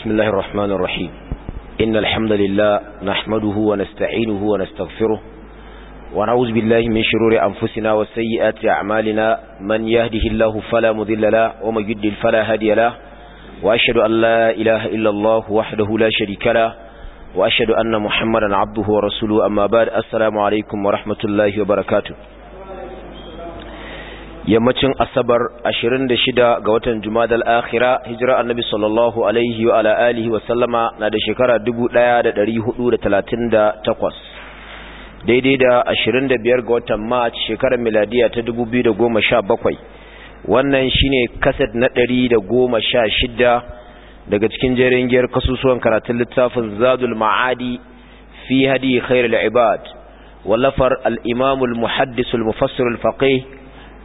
بسم الله الرحمن الرحيم إن الحمد لله نحمده ونستعينه ونستغفره ونعوذ بالله من شرور أنفسنا وسيئات أعمالنا من يهده الله فلا مذل له ومن يدل فلا هادي له وأشهد أن لا إله إلا الله وحده لا شريك له وأشهد أن محمدا عبده ورسوله أما بعد السلام عليكم ورحمة الله وبركاته yammacin asabar 26 ga watan jumadal akhira hijira annabi sallallahu alaihi wa ala alihi wa sallama na da shekara 1438 daidai da 25 ga watan march shekarar miladiya ta 2017 wannan shine kaset na 116 daga cikin jerin giyar kasusuwan karatun littafin zadul ma'adi fi hadi khairul ibad wallafar al imamul muhaddisul mufassirul faqih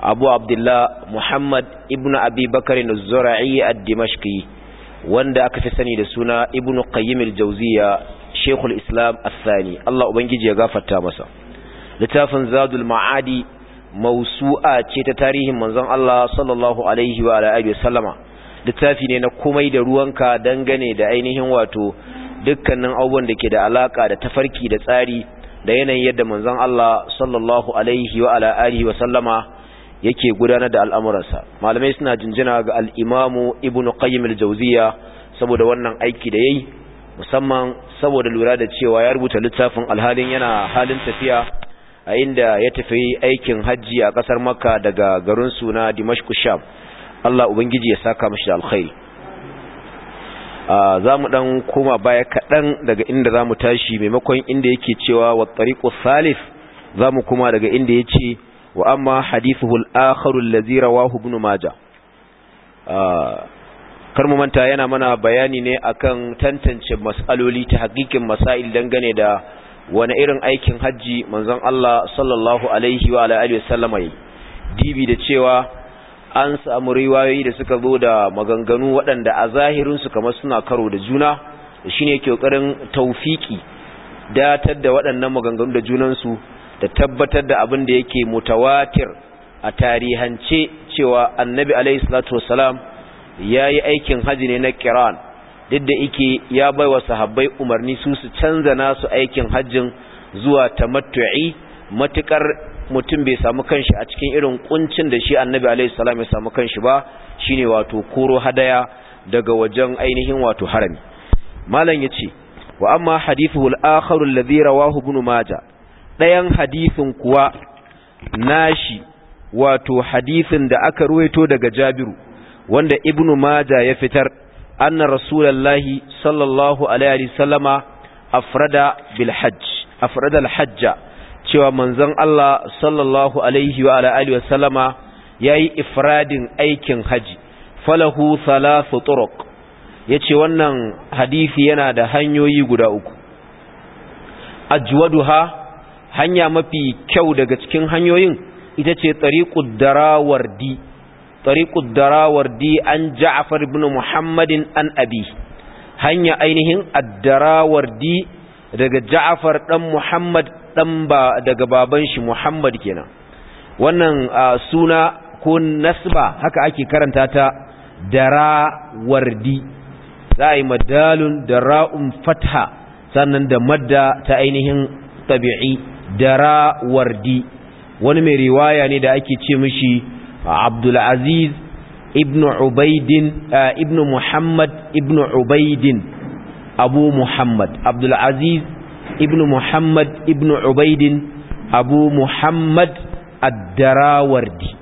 abu abdullah muhammad ibnu abi bakarin zura'i dimashqi wanda aka fi sani da suna ibnu qayyim al-jawziya shaykhul islam ath-thani Allah ubangiji ya gafarta masa littafin zadul ma'adi mausu'a ce ta tarihin manzon Allah sallallahu alaihi wa alihi wasallama littafi ne na komai da ruwanka dangane da ainihin wato dukkanin abubuwan da ke da alaka da tafarki da tsari da yanayin yadda manzon Allah sallallahu alaihi wa alihi wasallama yake gudanar da al'amuransa malamai suna jinjina ga al'imamu ibn qayyim al-jawziya saboda wannan aiki da yayi musamman saboda lura da cewa ya rubuta littafin alhalin yana halin tafiya a inda ya tafi aikin hajji a ƙasar makka daga garin suna dimashku sham Allah ubangiji ya saka mashi da alkhairi za mu dan koma baya kaɗan daga inda za mu tashi maimakon inda yake cewa wa tariqu salif za mu kuma daga inda ya ce wa amma hadithuhu al-akhar rawahu ibn majah ah, kar mu manta yana mana bayani ne akan tantance mas'aloli ta hakikin masail dangane da wani irin aikin haji manzon Allah sallallahu alaihi wa alihi wasallama yi dibi da cewa an samu riwayoyi da suka zo da maganganu waɗanda a zahirin su kamar suna karo da juna shine yake kokarin tawfiki datar da waɗannan maganganu da junansu da tabbatar da abin da yake mutawatir a tarihance cewa annabi alaihi salatu wasalam ya yi aikin haji ne na kiran duk da ike ya bai wa sahabbai umarni su su canza nasu aikin hajjin zuwa tamattu'i matuƙar mutum bai samu kanshi a cikin irin kuncin da shi annabi alaihi ya samu kanshi ba shine wato koro hadaya daga wajen ainihin wato harami malam yace wa amma hadithul al-akhar alladhi rawahu ibn majah ɗayan hadisin kuwa nashi wato hadisin da aka ruwaito daga Jabiru wanda Ibn Majah ya fitar anna Rasulullahi sallallahu alaihi wasallama afrada bil hajj afrada al hajja cewa manzon Allah sallallahu alaihi wa alihi wasallama yayi ifradin aikin haji falahu thalathu turuq yace wannan hadisi yana da hanyoyi guda uku ajwaduha hanya mafi kyau daga cikin hanyoyin ita ce tariqud darawardi tariqud darawardi an ja'far ibn muhammadin an abi hanya ainihin ad-darawardi daga ja'far dan muhammad dan ba daga baban shi muhammad kenan wannan suna ko nasba haka ake karanta ta darawardi za a yi madalun dara'un fatha sannan da madda ta ainihin tabi'i dara wardi wani mai riwaya ne da ake ce mishi abdulaziz ibn ubaidin eh, ibn muhammad ibn ubaidin abu muhammad abdulaziz ibn muhammad ibn ubaidin abu muhammad ad-darawardi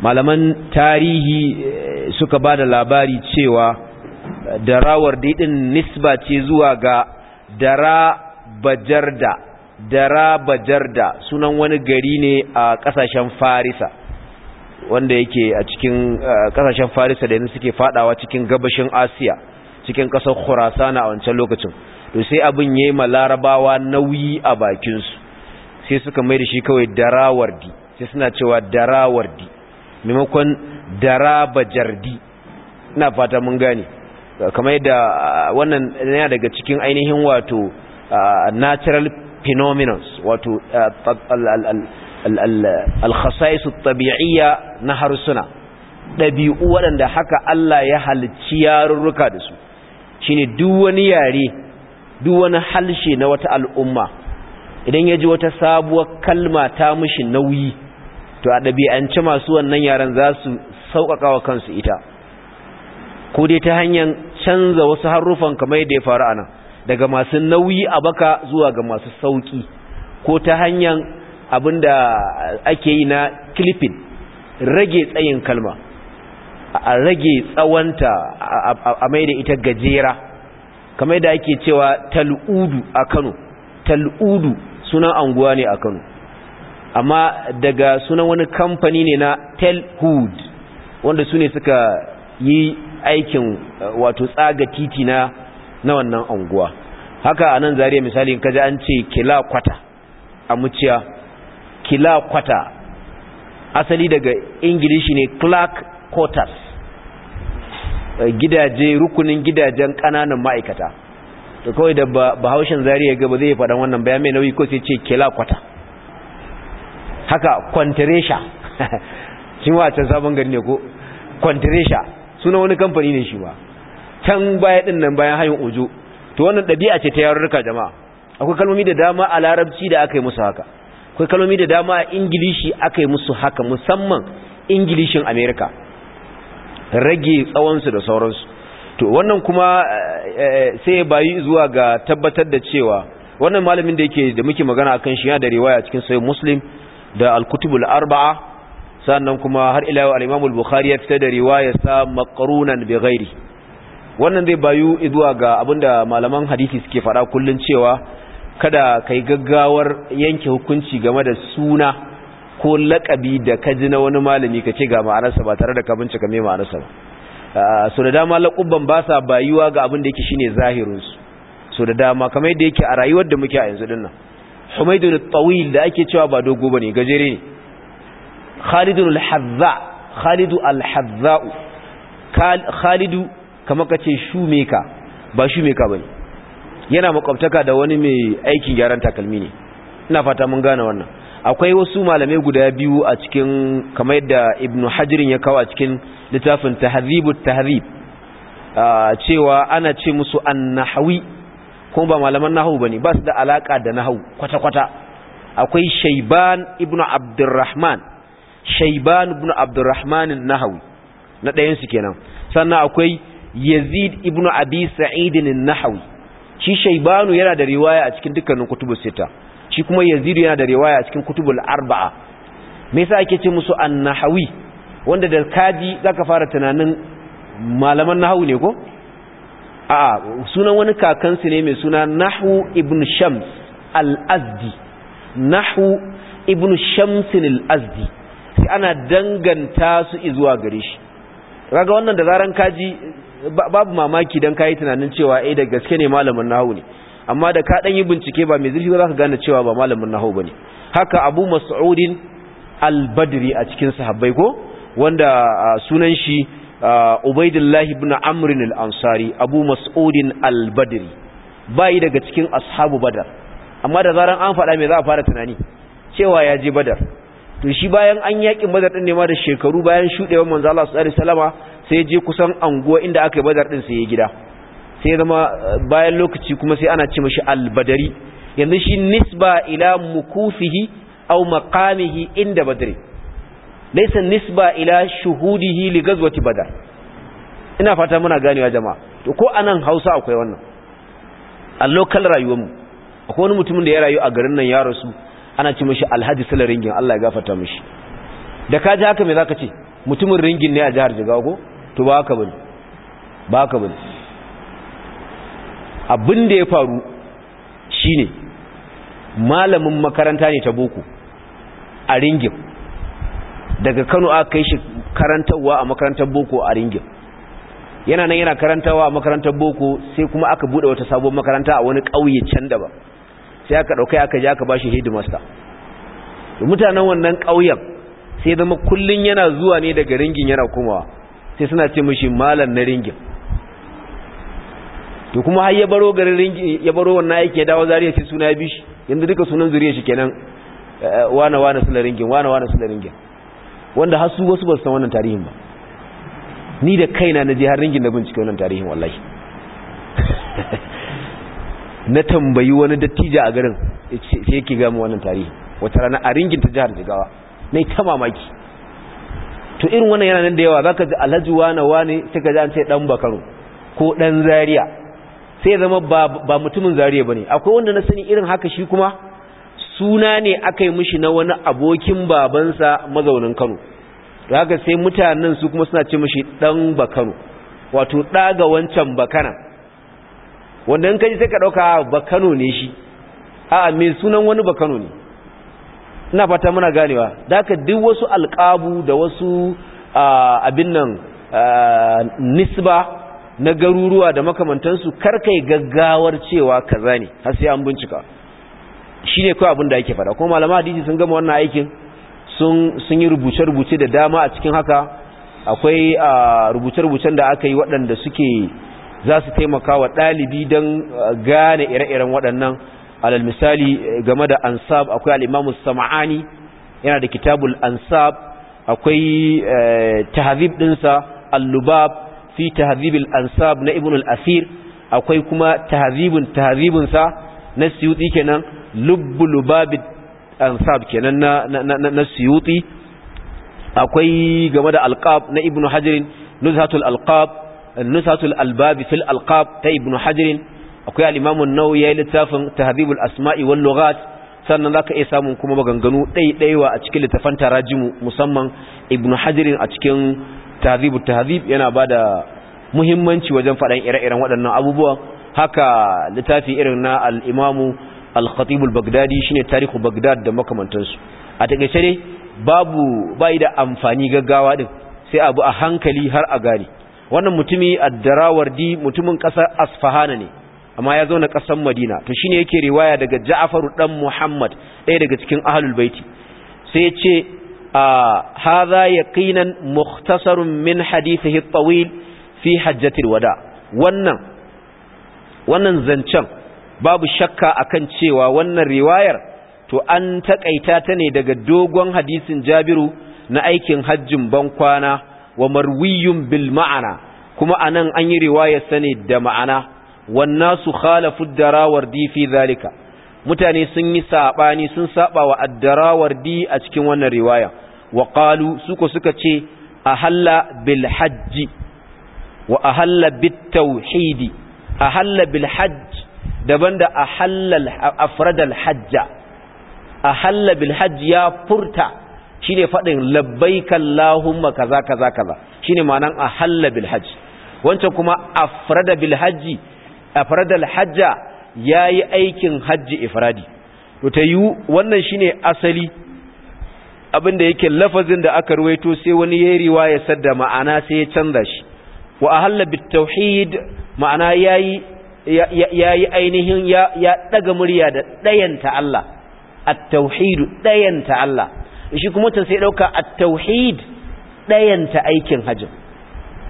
malaman tarihi eh, suka ba da labari cewa eh, darawardi din nisba ce zuwa ga dara bajarda daraba jarda sunan wani gari ne a kasashen farisa wanda yake a cikin kasashen farisa da yanzu suke fadawa cikin gabashin asiya cikin kasar khurasana a wancan lokacin to sai abin yayi ma larabawa nauyi a bakinsu sai suka mai da shi kawai darawardi sai suna cewa darawardi maimakon daraba jardi ina fata mun gane kamar yadda wannan yana daga cikin ainihin wato natural phenomenons wato uh, al at tabi'iyya na harsuna ɗabi'u waɗanda haka Allah ya halicci yarurruka da su shine duk wani yare duk wani halshe na wata al'umma idan ya ji wata sabuwar kalma ta mushi nauyi to a dabi'ance masu wannan yaren za su sauƙaƙawa kansu ita ko dai ta hanyar canza wasu harufan kamar yadda ya faru a nan daga masu nauyi a baka zuwa ga masu sauki ko ta hanyar abin da ake yi na clipping rage tsayin kalma a rage tsawanta a mai da ita gajera kamar da ake cewa tal'udu a kano tal'udu sunan anguwa ne a kano amma daga sunan wani kamfani ne na telhood wanda su ne suka yi aikin wato tsaga titi na na wannan anguwa haka anan zariya misali in kaji an ce kila kwata a muciya kila kwata asali daga ingilishi ne clark quarters eh, gidaje rukunin gidajen kananan ma'aikata to kawai da bahaushen zariya ga ba zai yi faɗan wannan bayan mai nauyi ko sai ce kila kwata haka kwantiresha shi ma sabon gari ne ko kwantiresha suna wani kamfani ne shi ba can baya din nan bayan hayin ojo to wannan ɗabi'a ce ta yarurruka jama'a akwai kalmomi da dama a larabci da aka yi musu haka akwai kalmomi da dama a ingilishi aka yi musu haka musamman ingilishin amerika rage tsawonsu da sauransu to wannan kuma eh, eh, sai bayi zuwa ga tabbatar da cewa wannan malamin da yake da muke magana akan shi ya da riwaya cikin sahih muslim da al-kutubul arba'a sannan kuma har ila al-imam al-bukhari ya fita da riwaya sa maqrunan bi ghairi wannan zai bayu zuwa ga abinda malaman hadisi suke fara kullun cewa kada kai gaggawar yanke hukunci game da suna ko lakabi da ka ji na wani malami ka ce ga ma'anarsa ba tare da ka bincika mai ma'anarsa ba ah, so da dama lakubban ba sa bayuwa ga abin da yake shine zahirinsu so da dama kamar yadda yake a rayuwar da muke a yanzu dinnan Humaydun da tawil da ake cewa ba dogo bane gajere ne Khalidun hazza Khalidu al-Hazza Khalidu kamar ka ce shumeka ba ba ne yana makwabtaka da wani mai aikin gyaran takalmi ne ina fata mun gane wannan akwai wasu malamai guda biyu a cikin kamar yadda ibn hajirin ya kawo a cikin littafin tahdhibut tahdhib cewa ana ce musu an annahawi kuma ba malaman nahawu ne ba su da alaka da nahawu kwata-kwata akwai shaiban ibn abdurrahman shaiban ibn abdurrahmanin nahawi na ɗayan su kenan sannan akwai yazid Ibn abi Sa'id an-nahawi shi shaybanu yana da riwaya a cikin dukkanin kutubus sita shi kuma yazid yana da riwaya a cikin kutubul arba'a me yasa ake ce musu an-nahawi wanda da kaji zaka fara tunanin malaman nahawu ne ko a sunan wani kakansu ne mai suna nahu ibn shams al-azdi nahu ibn Shams al-azdi sai ana danganta su zuwa gare shi kaga wannan da zaran kaji babu mamaki dan kayi tunanin cewa eh da gaske ne malamin nahu ne amma da ka dan yi bincike ba mai zurfi ba zaka gane cewa ba malamin ba bane haka Abu Mas'ud al-Badri a cikin sahabbai ko wanda sunan shi Ubaidillah ibn Amr al-Ansari Abu Mas'ud al-Badri bai daga cikin ashabu Badar amma da zaran an faɗa mai za a fara tunani cewa ya je Badar to shi bayan an yakin Badar din ne ma da shekaru bayan shudewar manzo Allah sallallahu alaihi wasallama sai je kusan anguwa inda aka yi badar din sai ya gida sai ya zama eh, bayan lokaci kuma sai ana ce mashi albadari yanzu shi nisba ila mukufihi aw maqamihi inda badri laysa nisba ila shuhudihi li ghazwati badar ina fata muna ganewa jama'a to ko anan Hausa akwai wannan a local rayuwar mu akwai wani mutumin da ya rayu a garin nan ya rasu ana ce mashi Alhaji Sala ringin Allah ya gafarta mashi. da ka ji haka me zaka ce mutumin ringin ne a jihar Jigawa ko to ba ka bane ba ka bane abin da ya faru shine malamin makaranta ne ta boko a ringin daga Kano aka kai shi karantarwa a makarantar boko a ringin yana nan yana karantawa a makarantar boko sai kuma aka bude wata sabon makaranta a wani ƙauye can daban sai aka ɗaukai aka ji aka shi hidimasta. mutanen wannan ƙauyen sai zama kullun yana zuwa ne daga ringin yana komawa sai suna ce mishi malam na ringin to kuma har ya baro garin ringin ya baro wannan aiki ya dawo zariya sai suna ya bishi yanzu duka sunan zuriya shi kenan wana eh, wana sula ringin wana wana sula ringin wanda har su wasu ba su san wannan tarihin ba ni da kaina na je har ringin na bincike wannan tarihin wallahi na tambayi wani dattijo a garin sai yake ga mu wannan tarihi wata rana a ringin ta jihar Jigawa nai ta mamaki to irin wannan yana nan da yawa zaka ji alhaji wani wani sai ka ji an ce dan bakaro ko dan Zariya. sai zama ba mutumin Zariya bane akwai wanda na sani irin haka shi kuma suna ne aka yi mishi na wani abokin babansa mazaunin Kano zaka sai mutanen su kuma suna ce mishi dan bakaro wato ɗaga wancan bakana wanda in kaji sai ka dauka bakano ne shi a'a me sunan wani bakano ne ina fata muna ganewa da haka duk wasu alƙabu da wasu abin nan nisba na garuruwa da makamantansu karkai gaggawar cewa kaza ne har sai an bincika shi ne kawai abin da yake fada kuma malama hadisi sun gama wannan aikin sun sun yi rubuce-rubuce da dama a cikin haka akwai rubuce-rubucen da aka yi waɗanda suke za su taimaka wa ɗalibi don gane ire-iren waɗannan alal misali eh, game da ansab akwai al-imamu sam'ani yana da kitabul ansab akwai eh, tahzib dinsa al-lubab fi tahzib al-ansab na ibn al-asir akwai kuma tahzibun tahzibun sa na suyuti kenan lubbu lubabit ansab kenan na na suyuti akwai game da alqab na ibn hajar nuzhatul alqab nuzhatul albab fil alqab ta ibn hajar akwai al-imamu ya yi littafin tahdhibul asma'i wal lughat sannan zaka iya samun kuma maganganu ɗaiɗaiwa a cikin littafan tarajimu musamman ibnu hajar a cikin tahdhibut tahdhib yana bada muhimmanci wajen faɗan ire-iren waɗannan abubuwa haka littafi irin na al-imamu al-khatib al shine tarihu Bagdad da makamantansu a takaice dai babu bai da amfani gaggawa din sai abu a hankali har a gane wannan mutumi ad-darawardi mutumin kasar asfahana ne amma ya na ƙasar madina to shine yake riwaya daga ja'faru dan muhammad ɗaya daga cikin ahlul baiti sai ya ce hadha yaqinan mukhtasarun min hadithihi at fi hajjatil wada wannan wannan zancen babu shakka akan cewa wannan riwayar to an taƙaita ta ne daga dogon hadisin jabiru na aikin hajjin bankwana wa marwiyun bil ma'ana kuma anan an yi riwayar sani da ma'ana wannasu khalafu darawardi fi zalika mutane sun yi saɓani sun saɓa wa di a cikin wannan riwaya wa qalu suko suka ce ahalla bil hajji wa ahalla bit tauhidi ahalla bil hajj daban da ahalla afradal hajja ahalla bil hajj ya furta shine fadin labbaika allahumma kaza kaza kaza shine ma'anan ahalla bil hajj wancan kuma afrada bil hajji afradal hajja yayi aikin hajji ifradi to ta wannan shine asali abinda yake lafazin da aka ruwaito sai wani yayi riwaya sadda ma'ana sai ya canza shi wa ahalla bit tauhid ma'ana yayi yayi ainihin ya ya daga murya da dayanta Allah at-tauhid dayanta Allah shi kuma ta sai dauka at-tauhid dayanta aikin hajji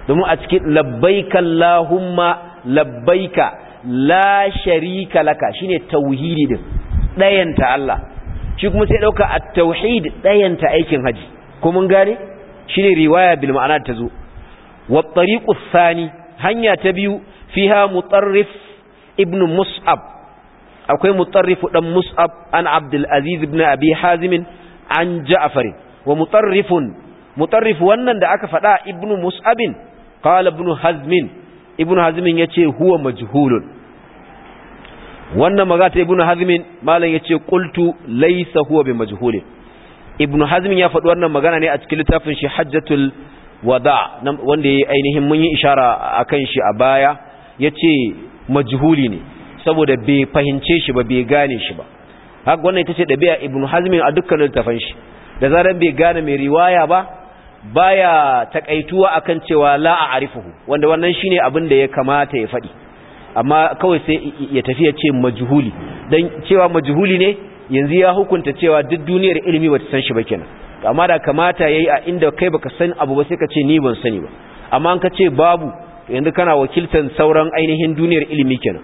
domin a cikin labbaikallahumma labbaika la sharika laka shine tauhidi din dayanta Allah shi kuma sai dauka at-tauhid dayanta aikin haji ko mun gane shine riwaya bil ma'ana ta zo wa tariqu thani hanya ta biyu fiha mutarrif ibn mus'ab akwai mutarrif dan mus'ab an abdul aziz ibn abi hazim an ja'far wa mutarrifun mutarrif wannan da aka fada ibn mus'abin qala ibn hazmin ibnu ya yace huwa majhulun wannan magana ta ibnu hazmin malam yace qultu laysa huwa bi majhulin ibnu hazmin ya faɗi wannan magana ne a cikin littafin shi hajjatul wada wanda yi ainihin mun yi ishara kan shi a baya yace majhuli ne saboda bai fahimce shi ba bai gane shi ba haka wannan ita ce dabi'a ibnu hazmin a dukkan littafin shi da zaran bai gane mai riwaya ba baya takaituwa akan cewa la a'rifuhu wanda wannan shine abin da ya kamata ya faɗi amma kawai sai ya tafi ya ce majhuli dan cewa majhuli ne yanzu ya hukunta cewa duk duniyar ilimi bata san shi ba kenan amma da kamata yayi a inda kai baka san abu ba sai ka ce ni ban sani ba amma an ka ce babu yanzu kana wakiltan sauran ainihin duniyar ilimi kenan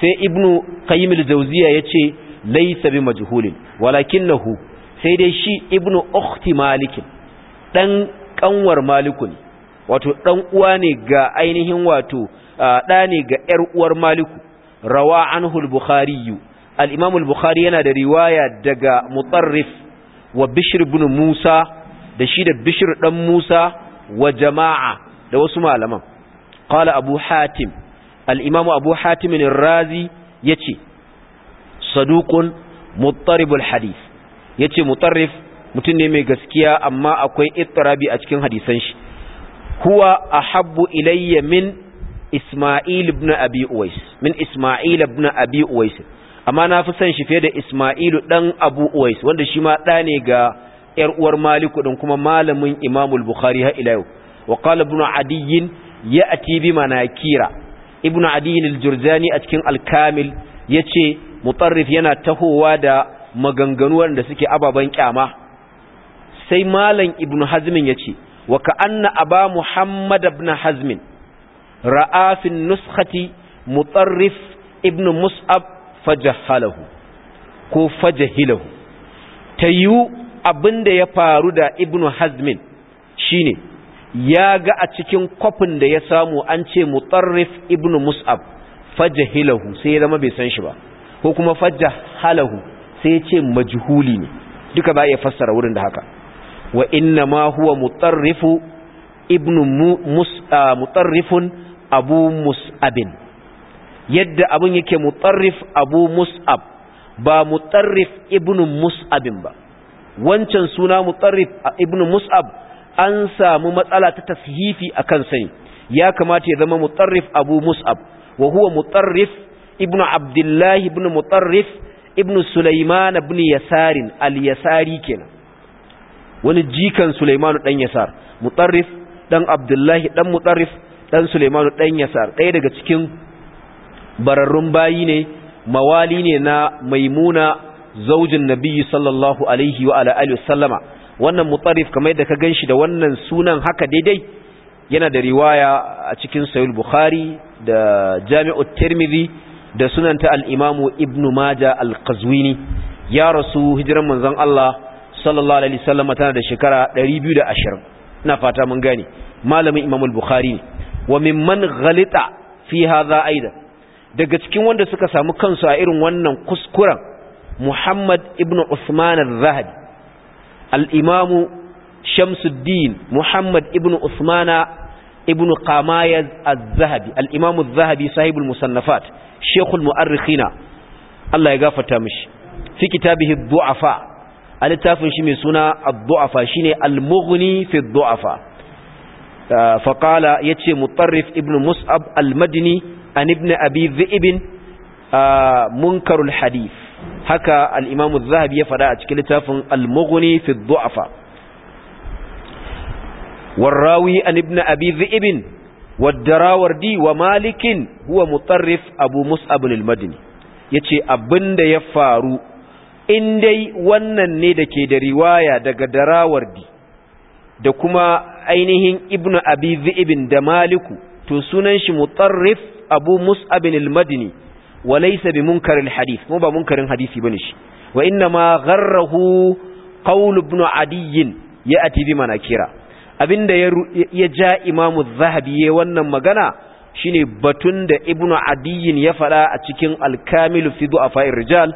sai ibnu qayyim al-jawziya yace laysa bi majhulin walakinahu sai dai shi ibnu ukhti malik dan kanwar maliku ne wato dan uwa ne ga ainihin wato da ne ga yar uwar maliku rawa anhu al-bukhari al-imam al-bukhari yana da riwaya daga mutarrif wa bishr ibn musa da shi da bishr dan musa wa jama'a da wasu malaman qala abu hatim al-imam abu hatim ar-razi yace saduqun muttarib al-hadith yace mutarrif mutum ne mai gaskiya amma akwai ittirabi a cikin hadisan shi huwa ahabbu ilayya min Isma'il ibn Abi Uwais min Isma'il ibn Abi Uwais amma na fi son shi fiye da Isma'ilu dan Abu Uwais wanda shi ma da ne ga yar uwar Maliku din kuma malamin imamul bukhari har ila yau wa qala ibn Adi ya'ti bi manakira ibn Adi al-Jurzani a cikin al-Kamil yace mutarrif yana tahowa da maganganuwar da suke ababan kyama sai malam ibnu hazmin ya ce wa ka'anna aba muhammad ibn hazmin ra'a fi nuskhati mutarrif ibn mus'ab fajahalahu ko fajahilahu tayu abinda ya faru da ibnu hazmin shine ya ga a cikin kwafin da ya samu an ce mutarrif ibn mus'ab fajahilahu sai ya zama bai san shi ba ko kuma fajahalahu sai ya ce majhuli ne duka ba ya fassara wurin da haka wa inna ma huwa mutarrifu ibnu mutarrifun abu mus'abin yadda abun yake mutarrif abu mus'ab ba mutarrif ibnu mus'abin ba wancan suna mutarrif ibnu mus'ab an samu matsala ta tashifi a kan sani ya kamata ya zama mutarrif abu mus'ab wa huwa mutarrif ibnu abdullahi ibnu mutarrif ibnu sulaiman ibnu yasarin al-yasari kenan wani jikan Sulaimanu ɗan Yasar Mutarrif ɗan Abdullahi ɗan Mutarrif ɗan Sulaimanu ɗan Yasar ɗaya daga cikin bararrun bayi ne mawali ne na Maimuna zaujin Nabiyyu sallallahu alaihi wa ala wasallama wannan Mutarrif kamar yadda ka gan shi da wannan sunan haka daidai yana da riwaya a cikin Sayul Bukhari da Jami'ut Tirmidhi da sunanta al imamu Ibn Maja' al-Qazwini ya rasu hijiran manzon Allah sallallahu alaihi wasallam tana da shekara 220 ina fata mun gane malamin Imam al-Bukhari ne wa mimman ghalita fi hadha aida daga cikin wanda suka samu kansu a irin wannan kuskuren Muhammad ibn Uthman al-Zahabi al-Imam Shamsuddin Muhammad ibn Uthman ibn Qamayaz al-Zahabi al-Imam al-Zahabi sahibul musannafat shaykhul mu'arrikhina Allah ya gafarta mishi fi kitabihi du'afa a littafin shi mai suna addu'afa shine al-mughni fi addu'afa uh, faqala yace mutarrif ibn mus'ab al-madini an ibn abi dhi'b uh, munkarul hadith haka al-imam az-zahabi ya fada a cikin littafin al-mughni fi addu'afa والراوي عن ابن أبي ذئب والدراوردي ومالك هو مطرف أبو مصعب المدني يتي ya faru. in dai wannan ne da ke da riwaya daga darawardi da kuma ainihin ibnu abi zibin da maliku to sunan shi mutarrif abu mus'abin al-madini wa laysa bi munkaril hadith mu ba munkarin hadisi bane shi wa inna ma gharrahu qawl ibn adiy ya'ti bi manakira abinda ya ja imamu zahabi ya wannan magana shine batun da ibnu adiy ya fada a cikin al-kamil fi du'afa rijal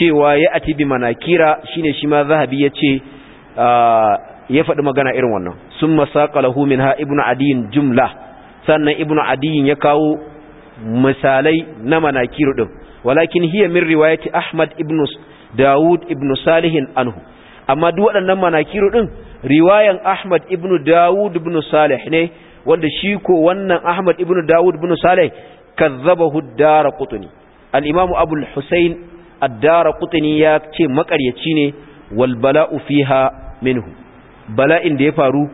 cewa ya ati bi manakira shine shi ma zahabi ya ce ah, ya faɗi magana irin wannan sun masaƙa lahu min ha ibnu adiyin jumla sannan ibnu adiyin ya kawo misalai na manakiru ɗin walakin hiya min riwayati ahmad ibnu dawud ibnu salihin anhu amma duk waɗannan manakiru ɗin riwayan ahmad ibnu dawud ibnu salih ne wanda shi ko wannan ahmad ibnu dawud ibnu salih kazzabahu dara qutni al-imamu abul husayn addara ya ce makaryaci ne wal bala'u fiha minhu bala'in da ya faru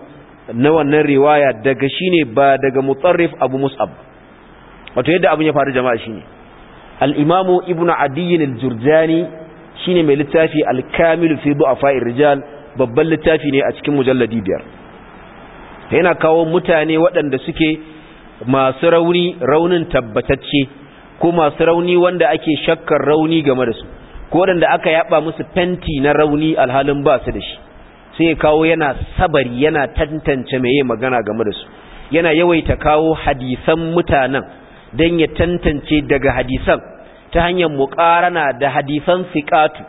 na wannan riwaya daga shine ba daga mutarrif abu mus'ab wato yadda abin ya faru jama'a shine al-imamu ibnu adiyyin al-jurjani shine mai littafi al-kamil fi du'afa'ir rijal babban littafi ne a cikin mujalladi biyar yana kawo mutane waɗanda suke masu rauni raunin tabbatacce ko masu rauni wanda ake shakkar rauni game da su ko waɗanda aka yaba musu fenti na rauni alhalin ba su da shi sai kawo yana sabari yana tantance mai magana game da su yana yawaita kawo hadisan mutanen don ya tantance daga hadisan ta hanyar mukarana da hadisan fiƙatu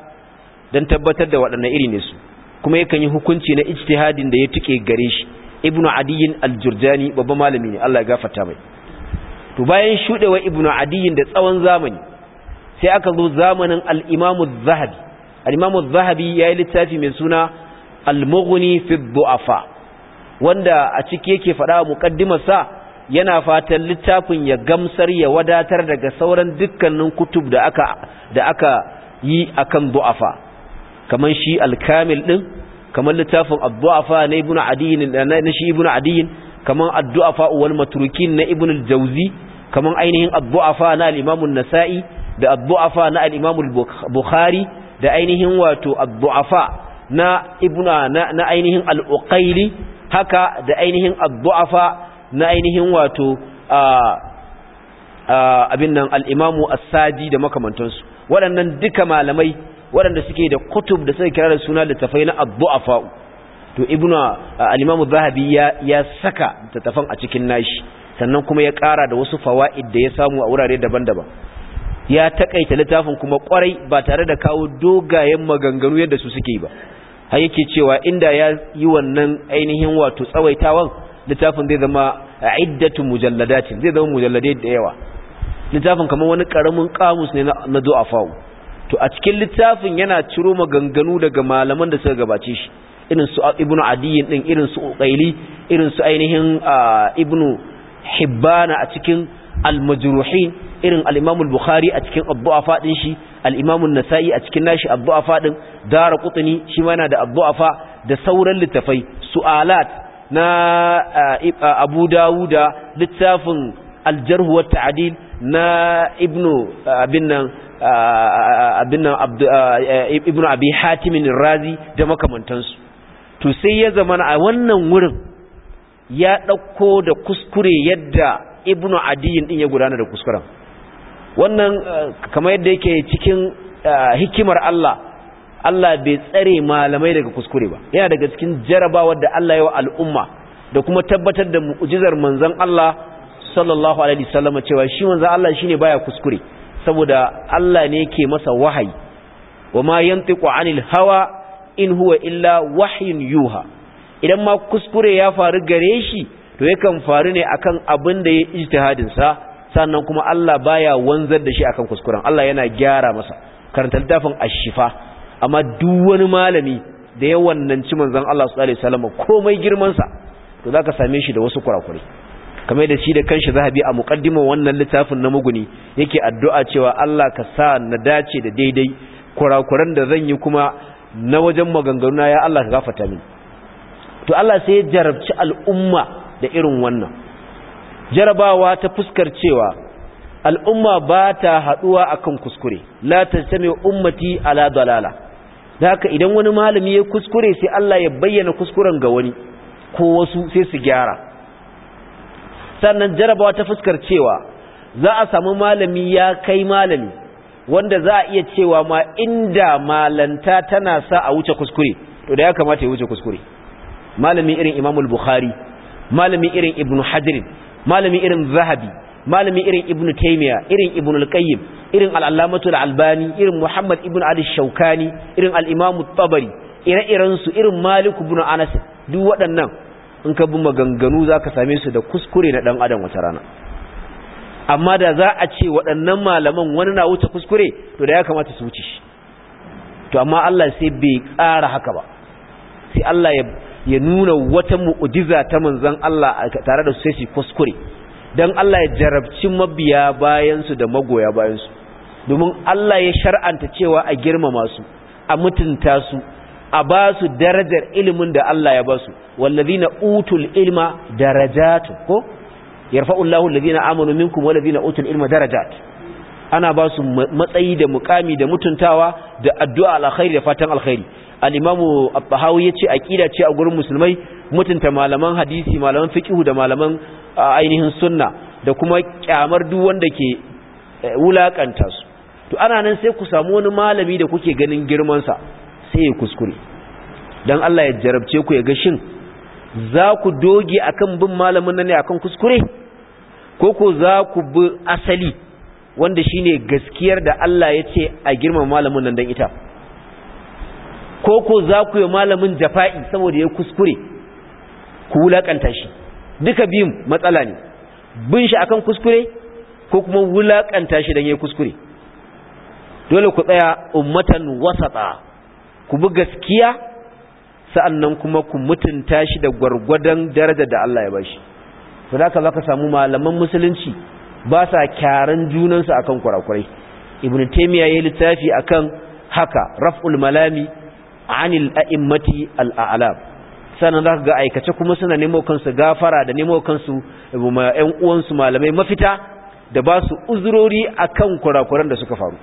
don tabbatar da waɗannan irin ne su kuma yakan yi hukunci na ijtihadin da ya tuke gare shi ibnu adiyin aljurjani babban malami ne Allah ya gafarta mai to bayan shudewa ibnu adiyin da tsawon zamani sai aka zo zamanin al-imamu az-zahabi al-imamu az-zahabi yi littafi mai suna al-mughni fi du'afa wanda a ciki yake fada muqaddimar sa yana fatan littafin ya gamsar ya wadatar daga sauran dukkanin kutub da aka da aka yi akan du'afa kaman shi al-kamil din kaman littafin ad-du'afa na ibnu adiyin na shi ibnu adiyin kaman addu'afa wal matrukin na ibn al-jawzi kaman ainihin addu'afa na al-imam nasai da addu'afa na al-imam al-bukhari da ainihin wato addu'afa na ainihin al haka da ainihin addu'afa na ainihin wato abin nan al'imamu asadi da makamantansu waɗannan duka malamai waɗanda suke da kutub da suka kira suna littattafai na addu'afa'u to ibnu al-imam zahabi ya saka tattafan a cikin nashi sannan kuma ya kara da wasu fawaid da ya samu a wurare daban-daban ya takaita littafin kuma kwarai ba tare da kawo dogayen maganganu yadda su suke ba har yake cewa inda ya yi wannan ainihin wato tsawaitawan littafin zai zama iddatu mujalladatin zai zama mujalladai da yawa littafin kamar wani karamin kamus ne na du'afa to a cikin littafin yana ciro maganganu daga malaman da suka gabace shi irin su ibnu adiyin din irin su uqaili irin su ainihin ibnu hibbana a cikin al-majruhin irin al-imam al-bukhari a cikin abdu'afa din shi al-imam an-nasa'i a cikin nashi abdu'afa din daraqutni shi ma yana da abdu'afa da sauran littafai su'alat na abu dawuda littafin al-jarh wa ta'dil na ibnu abin nan abin ibnu abi hatim razi da makamantansu to sai ya zama a wannan wurin ya ɗauko da kuskure yadda ibnu adiyin ɗin ya gudana da kuskuren wannan eh, kamar yadda yake cikin eh, hikimar Allah Allah bai tsare malamai daga kuskure ba yana daga cikin jarabawar da Allah ya al'umma da kuma tabbatar da mu'jizar manzon Allah sallallahu alaihi wasallam cewa shi manzon Allah shine baya kuskure saboda Allah ne yake masa wahayi wa ma yantiqu anil hawa in huwa illa wahyin yuha idan ma kuskure ya faru gare shi to yakan faru ne akan abin da ya ijtihadin sa sannan kuma Allah baya wanzar da shi akan kuskuren Allah yana gyara masa karanta littafin ashifa amma duk wani malami da ya ci manzon Allah sallallahu alaihi wasallam komai girman sa to zaka same shi da wasu kurakure kamar da shi da kanshi zahabi a muqaddimar wannan littafin na muguni yake addu'a cewa Allah ka sa na dace da daidai kurakuran da zan yi kuma na wajen maganganuna ya Allah ka gafata min to Allah sai ya jarabci al'umma da irin wannan jarabawa ta fuskar cewa al'umma ba ta haduwa akan kuskure la tasami ummati ala dalala da haka idan wani malami ya kuskure sai Allah ya bayyana kuskuren ga wani ko wasu sai su gyara sannan jarabawa ta fuskar cewa za a samu malami ya kai malami wanda za a iya cewa ma inda malanta tana sa a wuce kuskure to da ya kamata ya wuce kuskure malami irin Imam al bukhari malami irin ibnu hajar malami irin zahabi malami irin ibnu taymiya irin ibnu al-qayyim irin al-allamatu al-albani irin muhammad ibnu ali shaukani irin al-imam at-tabari ire-iren su irin malik ibn anas duk waɗannan in ka bi maganganu zaka same su da kuskure na dan adam wata rana amma da za a ce waɗannan malaman wani na wuce kuskure to da ya kamata su wuce shi to amma Allah sai bai ƙara haka ba sai Allah ya nuna wata mu'ujiza ta manzon Allah tare da su sai su kuskure dan Allah ya jarabci mabiya bayansu da magoya bayansu domin Allah ya shar'anta cewa a girmama su a mutunta su a ba su darajar ilimin da Allah ya ba su wallazina utul ilma darajatu ko yarfa Allahu alladhina amanu minkum wal ladina utul ilma darajat ana basu matsayi da mukami da mutuntawa da addu'a alkhairi da fatan alkhairi al-imamu at yace aqida ce a gurin musulmai mutunta malaman hadisi malaman fiqh da malaman ainihin sunna da kuma kyamar duk wanda ke eh, wulakanta su to ana nan sai ku samu wani malami da kuke ganin girman sa sai ya kuskure dan Allah ya jarabce ku ya ga shin za ku doge akan bin malamin nan ne akan kuskure ko ko za ku bi asali wanda shine gaskiyar da Allah ya ce a girmama malamin nan dan ita ko ko za ku yi malamin jafa'i saboda ya kuskure ku wulakanta shi duka biyun matsala ne bin shi akan kuskure ko kuma wulakanta shi dan ya kuskure dole ku tsaya ummatan wasata ku bi gaskiya sa'annan kuma ku mutunta shi da gwargwadon daraja da Allah ya bashi to haka zaka samu malaman musulunci ba sa kyaran junansu akan kurakurai ibnu taymiya yayi littafi akan haka raf'ul malami anil a'immati al'alam sannan zaka ga aikace kuma suna nemo kansu gafara da nemo kansu eh, yan uwansu malamai mafita da ba su uzurori akan kurakuran da suka faru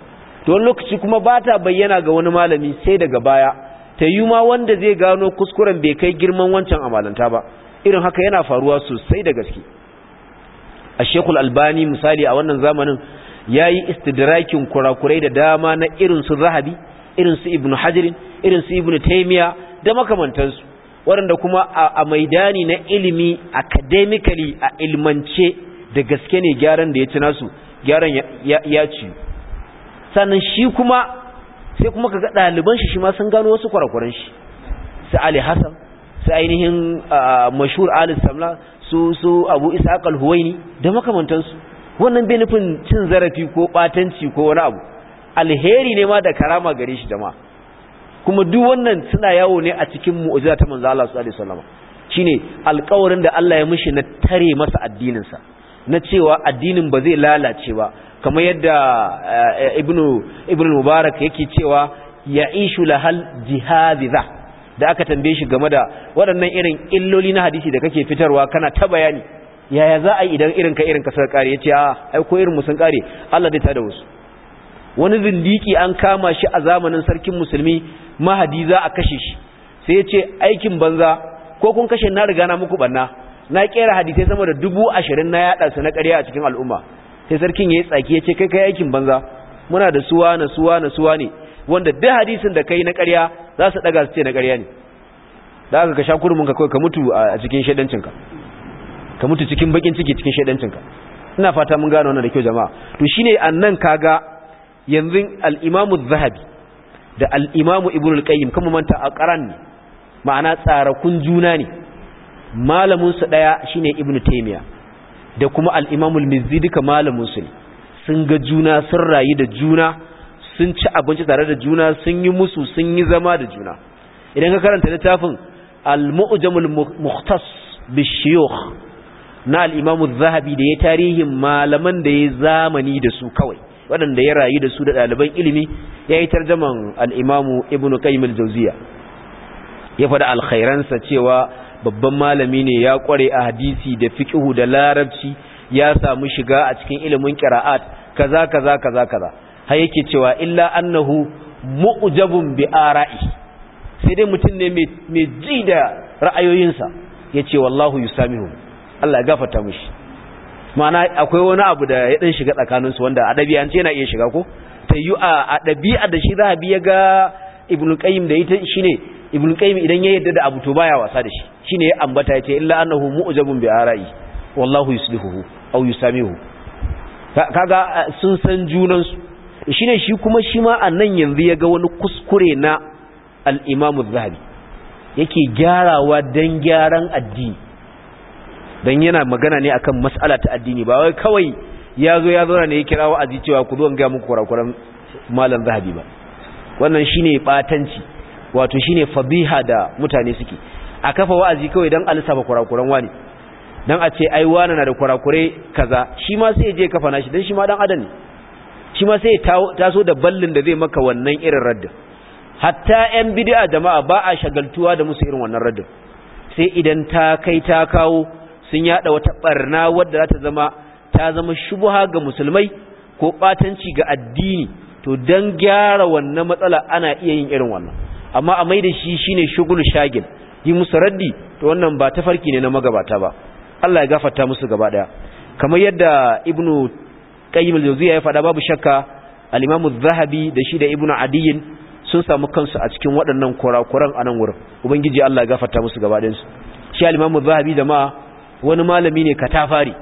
don lokaci kuma ba ta bayyana ga wani malami sai daga baya ta yi ma wanda zai gano kuskuren bai kai girman wancan amalanta ba irin haka yana faruwa sosai da gaske a shekul albani misali a wannan zamanin ya yi istidrakin kurakurai da dama na irinsu zahabi irinsu ibn hajirin irinsu ibn taimiya da makamantansu waɗanda kuma a maidani na ilimi academically a ilmance da gaske ne gyaran da ya ci nasu gyaran ya ci sannan shi kuma sai kuma ka ga ɗaliban shi shi ma sun gano wasu kwarakwaran shi su Ali Hassan su ainihin mashhur Ali Samla su su Abu Ishaq al-Huwaini da makamantansu wannan bai nufin cin zarafi ko batanci ko wani abu alheri ne ma da karama gare shi jama'a kuma duk wannan suna yawo ne a cikin mu'jiza ta manzo Allah sallallahu alaihi wasallam shine alƙawarin da Allah ya mishi na tare masa addininsa na cewa addinin ba zai lalace ba kamar yadda eh, ibn mubarak yake cewa ya ishu hal jihadiza da aka tambaye shi game da waɗannan irin illoli na hadisi da kake fitarwa kana ta bayani yaya za a yi idan irin ka irin ka kare ya ce a aiko irin musun kare Allah zai da wasu wani zindiki an kama shi a zamanin sarkin musulmi mahadi za a kashe shi sai ya ce aikin banza ko kun kashe na riga na muku banna na kera hadisai sama da dubu ashirin na yada su na ƙarya a cikin al'umma sai sarkin ya yi tsaki ya ce kai kai aikin banza muna da suwa na suwa na suwa ne wanda duk hadisin da kai na ƙarya za su ɗaga su ce na ƙarya ne da aka ka kurmin ka kawai ka mutu a cikin shaidancinka ka mutu cikin bakin ciki cikin shaidancinka ina fata mun gano wannan da kyau jama'a to shine annan kaga yanzu al-imamu zahabi da al-imamu ibnu al-qayyim kuma manta a qaran ma'ana tsara kun juna ne malamin ɗaya shi shine ibnu taymiya da kuma alimamul imam duka malamin ne. sun ga juna sun rayu da juna sun ci abinci tare da juna sun yi musu sun yi zama da juna idan ka karanta littafin al-mu'jamul mukhtas na al zahabi da ya tarihin malaman da ya zamani da su kawai waɗanda ya rayu da su da ɗaliban ilimi ya yi tarjaman al-imam ibnu qayyim al-jawziya ya faɗa alkhairansa cewa babban malami ne ya kware a hadisi da fiqhu da larabci ya samu shiga a cikin ilimin qira'at kaza kaza kaza kaza har yake cewa illa annahu mu'jabun bi ara'i sai dai mutum ne mai ji da ra'ayoyinsa yace wallahu yusamihu Allah ya gafarta mishi ma'ana akwai wani abu da ya dan shiga tsakaninsu wanda a ce yana iya shiga ko tayyu a ɗabi'a da shi zahabi ya ga ibn qayyim da ita shine ibn qayyim idan ya yarda da abu to baya wasa da shi shine ya ambata yace illa annahu mu'jabun bi ara'i wallahu yuslihu aw yusamihu kaga sun san junan su shine shi kuma shi ma annan yanzu ya ga wani kuskure na al-Imam az-Zahabi yake gyarawa dan gyaran addini dan yana magana ne akan mas'ala ta addini ba wai kawai yazo ya zo ne ya kira wa'azi cewa ku zo ga muku kurakuran malam Zahabi ba wannan shine batanci wato shine fadiha da mutane suke a kafa wa'azi kawai don alisa ba kurakuran wani don a ce ai wani na da kurakure kaza shi ma sai je kafa nashi don shi ma dan adam ne shi ma sai taso da ballin da zai maka wannan irin raddin hatta yan bid'a jama'a ba a shagaltuwa da musu irin wannan raddin sai idan ta kai ta kawo sun yada wata barna wadda za ta zama ta zama shubha ga musulmai ko batanci ga addini to dan gyara wannan matsala ana iya yin irin wannan amma a maida shi shine shugul shagil yi musu raddi to wannan ba ta farki ne na magabata ba Allah ya gafarta musu gaba daya kamar yadda ibnu qayyim al-jawziya ya faɗa babu shakka al-imamu zahabi da shi da ibnu adiyin sun samu kansu a cikin waɗannan kurakuran a nan wurin ubangiji Allah ya gafarta musu gaba su shi al-imamu zahabi da ma wani malami ne katafari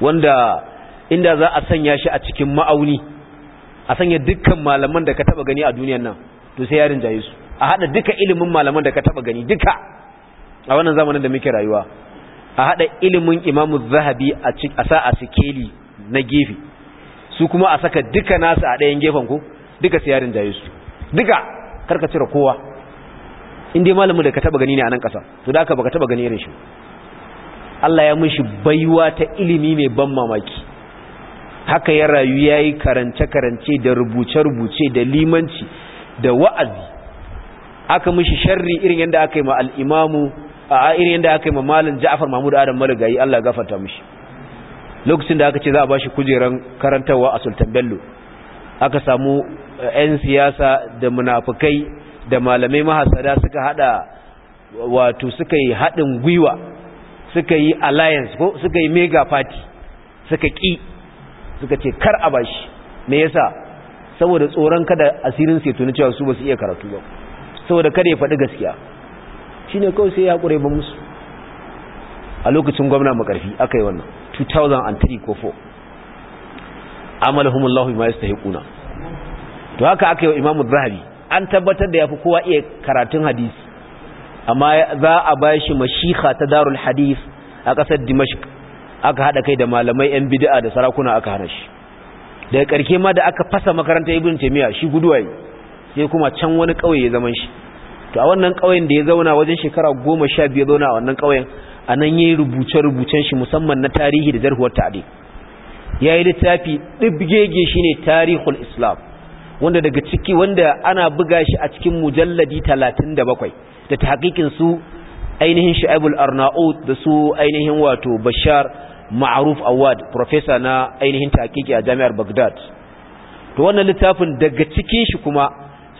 wanda inda za a sanya shi a cikin ma'auni a sanya dukkan malaman da ka taba gani a duniyar nan to sai ya jayesu su a haɗa duka ilimin malaman da ka taɓa gani duka a wannan zamanin da muke rayuwa a haɗa ilimin imamu zahabi a sa a sikeli na gefe su kuma a saka duka nasu a ɗayan gefen ku duka siyarin jaye su duka karka cire kowa in dai malamin da ka taɓa gani ne a nan ƙasa to da aka baka taɓa gani irin shi Allah ya mishi baiwa ta ilimi mai ban mamaki haka ya rayu ya yi karance-karance da rubuce-rubuce da limanci da wa'azi aka mishi sharri irin yadda aka yi ma al'imamu a irin yadda aka yi ma malin ja'afar mahmud adam marigayi Allah gafarta mishi lokacin da aka ce za a ba shi kujeran karantarwa a sultan bello aka samu eh, 'yan siyasa da munafukai da malamai mahasada suka hada wato suka yi haɗin gwiwa suka yi alliance ko suka yi mega party suka ƙi suka ce kar a bashi me yasa saboda tsoron kada asirin ya na cewa su ba su iya karatu ba saboda kada ya faɗi gaskiya shi ne kawai sai ya haƙure ba musu a lokacin gwamna makarfi aka yi wannan 2003 ko 4 amalahumullahu yasta yastahiquna to haka aka yi wa imamu zahabi an tabbatar da ya fi kowa iya karatun hadisi amma za a bashi mashiha ta darul hadis a ƙasar dimashik aka haɗa kai da malamai yan bid'a da sarakuna aka hana shi daga karke ma da aka fasa makarantar ibn taymiya shi guduwa yi ya kuma can wani ƙauye ya zaman shi to a wannan ƙauyen da ya zauna wajen shekara goma sha biyu zauna a wannan ƙauyen a nan ya yi rubuce-rubucen shi musamman na tarihi da jarhuwar ta'adi ya yi littafi ɗibgege shi ne tarihul islam wanda daga ciki wanda ana buga shi a cikin mujalladi talatin da bakwai da ta hakikin su ainihin sha'ibul arna'ud da su ainihin wato bashar ma'aruf awad profesa na ainihin ta a jami'ar Bagdad to wannan littafin daga cikin shi kuma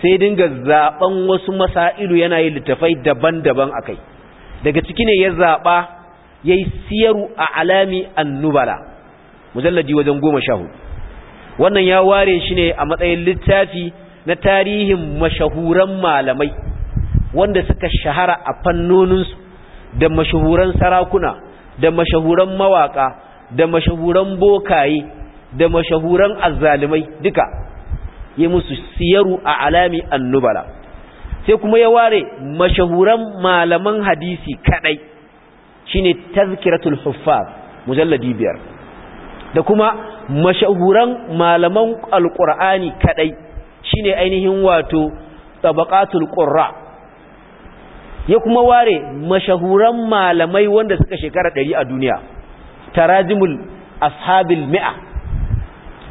sai dinga zaben wasu masailu yana yin littafai daban-daban a kai, daga ciki ne ya zaba yi siyaru a alami annubala mujalladi wajen goma hudu wannan ya ware shi ne a matsayin littafi na tarihin mashahuran malamai wanda suka shahara a fannoninsu da mashahuran sarakuna da mashahuran mawaka da mashahuran bokaye da mashahuran azzalumai duka ya musu siyaru a alami annubala sai kuma ya ware mashahuran malaman hadisi kadai shine tazkiratul huffaz mujalladi biyar da kuma mashahuran malaman alqur'ani kadai shine ainihin wato tabaqatul qurra ya kuma ware mashahuran malamai wanda suka shekara 100 a duniya tarajimul ashabil mi'a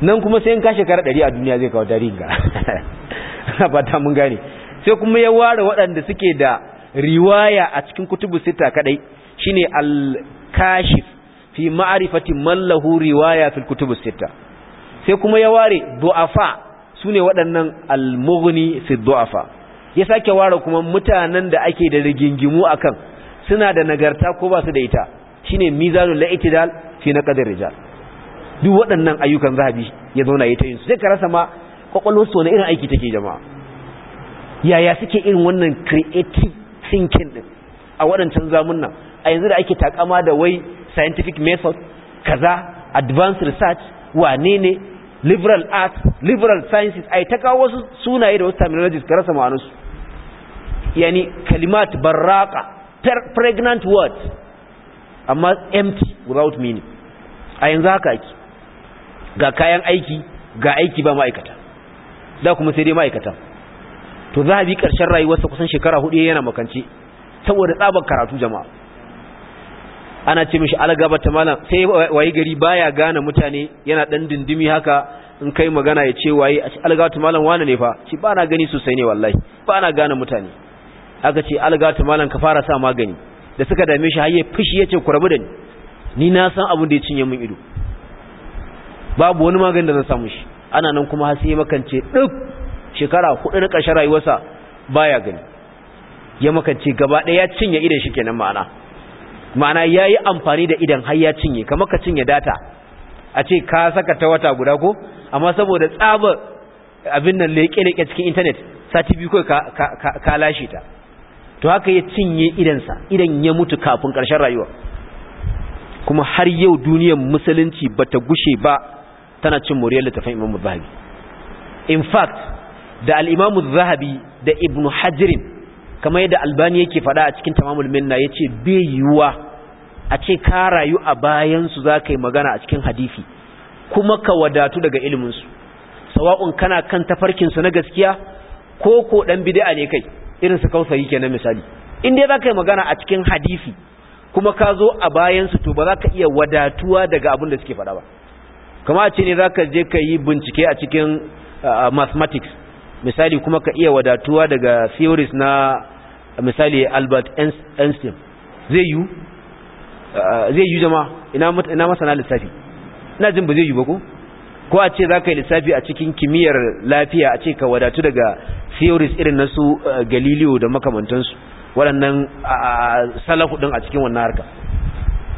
nan kuma sai in ka shekara ɗari a duniya zai kawo dari ka a fata mun gane sai kuma ya ware waɗanda suke da riwaya a cikin kutubu sita kaɗai shine al-kashif fi ma'arifati mallahu riwaya fil kutubu sita sai kuma ya ware du'afa ne waɗannan al-mughni fi du'afa ya sake ware kuma mutanen da ake da rigingimu akan suna da nagarta ko ba su da ita shine mizanul la'itidal fi naqdir rijal duk waɗannan ayyukan zahabi ya zauna ya ta yin su sai ka rasa ma kwakwalwar su wani irin aiki take jama'a yaya suke irin wannan creative thinking din a waɗancan zamun nan a yanzu da ake takama da wai scientific method kaza advanced research wane ne liberal arts liberal sciences ai ta kawo wasu sunaye da wasu terminologies ka rasa ma'anarsu yani kalimat barraka pregnant words amma empty without meaning a yanzu haka ake ga kayan aiki ga aiki ba ma'aikata da kuma sai dai ma'aikata to bi karshen rayuwarsa kusan shekara hudu yana makance saboda tsabar karatu jama'a ana ce mishi algaba ta malam sai waye gari baya gane mutane yana dan dindimi haka in kai magana ya ce waye algaba ta malam wane ne fa shi ba na gani sosai ne wallahi ba na gane mutane aka ce algaba ta malam ka fara sa magani da suka dame shi har ya fushi ya ku rabu da ni ni na san abun da ya cinye mun ido babu wani magani da zan samu shi ana nan kuma har sai makance duk shekara hudu na ƙarshen rayuwarsa baya gani ya makance gaba ɗaya ya cinye idan shi kenan ma'ana ma'ana ya yi amfani da idan har ya cinye kamar ka cinye data a ce ka saka ta wata guda ko amma saboda tsaba abin nan leƙe-leƙe cikin intanet sati biyu kawai ka lashe ta to haka ya cinye idansa idan ya mutu kafin ƙarshen rayuwa kuma har yau duniyar musulunci bata gushe ba tana cin moriyar littafin imam zahabi in fact da al'imamu zahabi da ibn hajjirin kamar yadda albani yake fada a cikin tamamul minna ya ce bai yiwuwa a ce ka rayu a bayansu za ka yi magana a cikin hadifi kuma ka wadatu daga iliminsu sawa'un kana kan tafarkinsu na gaskiya ko ko ɗan bid'a ne kai irin su kausari kenan misali in dai za ka yi magana a cikin hadifi kuma ka zo a bayansu to ba za ka iya wadatuwa daga abin da suke fada ba kama ce ne za ka je ka yi bincike a cikin mathematics misali kuma ka iya wadatuwa daga theories na misali albert einstein zai yi zai yi jama ina masana lissafi ina jin ba zai yi ba ko ko a ce za ka yi lissafi a cikin kimiyyar lafiya a ce ka wadatu daga theories irin na su galileo da makamantansu waɗannan salafu ɗin a cikin wannan harka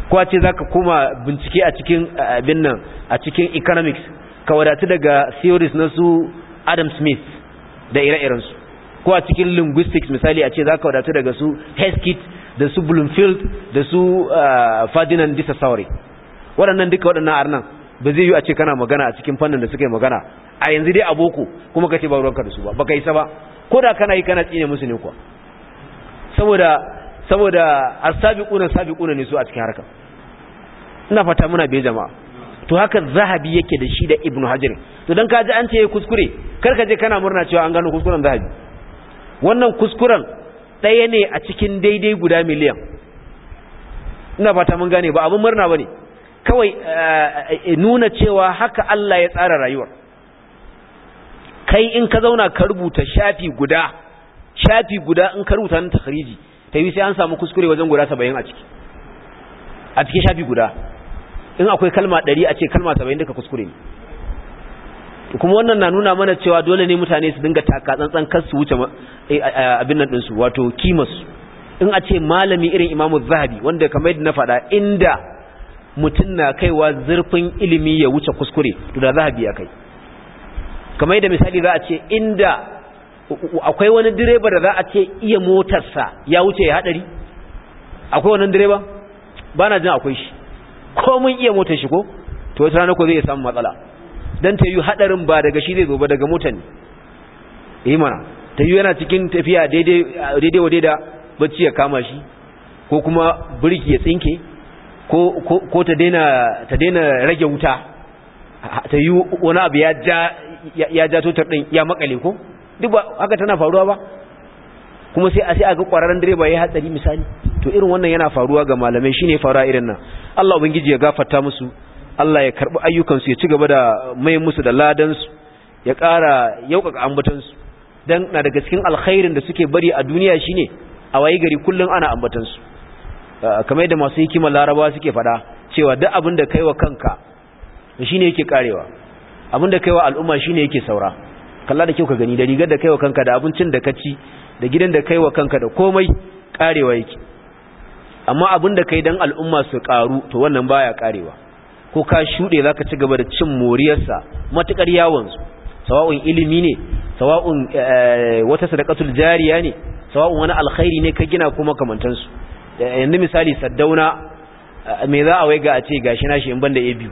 ko ce za ka koma bincike a cikin abin nan a cikin economics ka wadatu daga theories na su adam smith da ire-irensu ko a cikin linguistics misali a ce za ka wadatu daga su heskitt da su bloomfield da su ferdinand disa sauri waɗannan duka waɗannan arnan ba zai yi a ce kana magana a cikin fannin da suka yi magana a yanzu dai a boko kuma ka ce ba ruwanka da su ba ka isa ba ko da kana yi kana tsine musu ne kuwa saboda saboda as sabi sabiquna ne su a cikin harkar ina fata muna bai jama'a to haka zahabi yake da shi da ibn hajar to dan kaji an ce kuskure kar ka je kana murna cewa an gano kuskuren zahabi wannan kuskuren ɗaya ne a cikin daidai guda miliyan ina fata mun gane ba abin murna bane kawai eh, eh, nuna cewa haka Allah ya tsara rayuwar kai in ka zauna ka rubuta shafi guda shafi guda in ka rubuta na takhriji ta sai an samu kuskure wajen guda 70 a ciki a cikin shafi guda in akwai kalma ɗari a ce kalma saba'in duka kuskure ne kuma wannan na nuna mana cewa dole ne mutane su dinga taka tsantsan kan su wuce eh, eh, eh, abin nan ɗinsu wato kimasu in a ce malami irin imamu zahabi wanda kamar yadda na faɗa inda mutum na kaiwa zurfin ilimi ya wuce kuskure to da zahabi ya kai kamar yadda misali za a ce inda akwai wani direba da za a ce iya motarsa ya wuce ya haɗari akwai wani direba ba na jin akwai shi ko mun iya mota shi ko to wata rana ko zai samu matsala dan ta yi hadarin ba daga shi zai zo ba daga mota ne eh mana ta yi yana cikin tafiya daidai daidai wa daida bacci ya kama shi ko kuma birki ya tsinke ko ko ta daina ta daina rage wuta ta yi wani abu ya ja ya ja totar din ya makale ko duk ba haka tana faruwa ba kuma sai a sai a ga kwararren direba yayi hatsari misali to irin wannan yana faruwa ga malamai shine faruwa irin nan Allah ubangiji ya gafarta musu Allah ya karbi ayyukan su ya ci gaba da mai musu da ladan su ya ƙara yaukaka ambatan su dan na daga cikin alkhairin da suke bari a duniya shine a wayi gari kullun ana ambatan su ah, kamar yadda masu hikimar Laraba suke fada cewa duk abin da kaiwa kanka shine yake karewa abin da kaiwa al'umma shine yake saura kalla da kyau ka gani da rigar da kaiwa kanka da abincin da ka ci da gidan da kai wa kanka da komai karewa yake amma abin da kai dan al'umma su karu to wannan baya karewa ko ka shuɗe zaka ci gaba da cin moriyarsa matukar yawansu, su sawa'un ilimi ne sawa'un eh, wata sadaqatul jariya ne sawa'un wani alkhairi ne ka gina kuma kamantansu yanzu misali saddauna eh, me za a wai ga a ce gashi na shi, in banda a biyu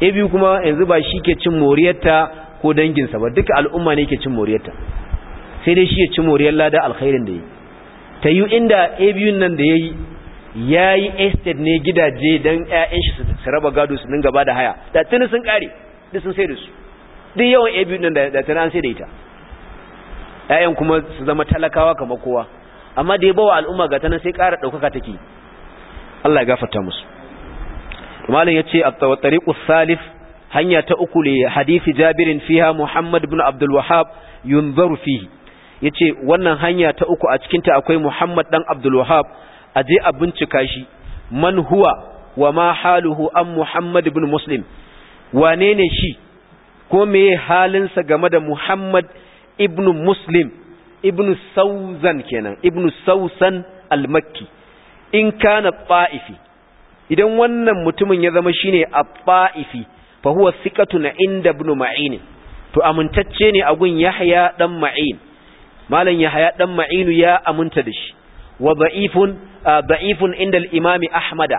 a biyu kuma yanzu ba shi ke cin moriyarta ko danginsa ba duka al'umma ne ke cin moriyarta sai dai shi ya ci moriyar lada alkhairin da yi ta yi inda a biyun nan da ya yi ya yi estate ne gidaje don 'ya'yan shi su raba gado su dinga ba da haya da tuni sun kare duk sun sai da su duk yawan a biyun nan da tuni an sai da ita 'ya'yan kuma su zama talakawa kamar kowa amma da ya bawa al'umma ga tanan sai ƙara ɗaukaka take Allah ya gafarta musu malam yace at-tariqu salif hanya ta uku li hadisi jabirin fiha muhammad ibn abdul wahhab yunzaru fihi Ya ce wannan hanya ta uku a cikinta akwai Muhammad dan Abdulwahab Wahhab aje a bincika shi man huwa wa ma haluhu an Muhammad ibn Muslim wane ne shi ko meye halinsa game da Muhammad ibn Muslim ibn Sauzan kenan ibn Sausan al-Makki in kana ɓa'ifi idan wannan mutumin ya zama shine a taifi fa huwa thiqatun inda ibn Ma'in to amintacce ne a gun Yahya dan Ma'in malam yahaya dan ma'inu ya aminta da shi wa da'ifun da'ifun inda al-imam ahmad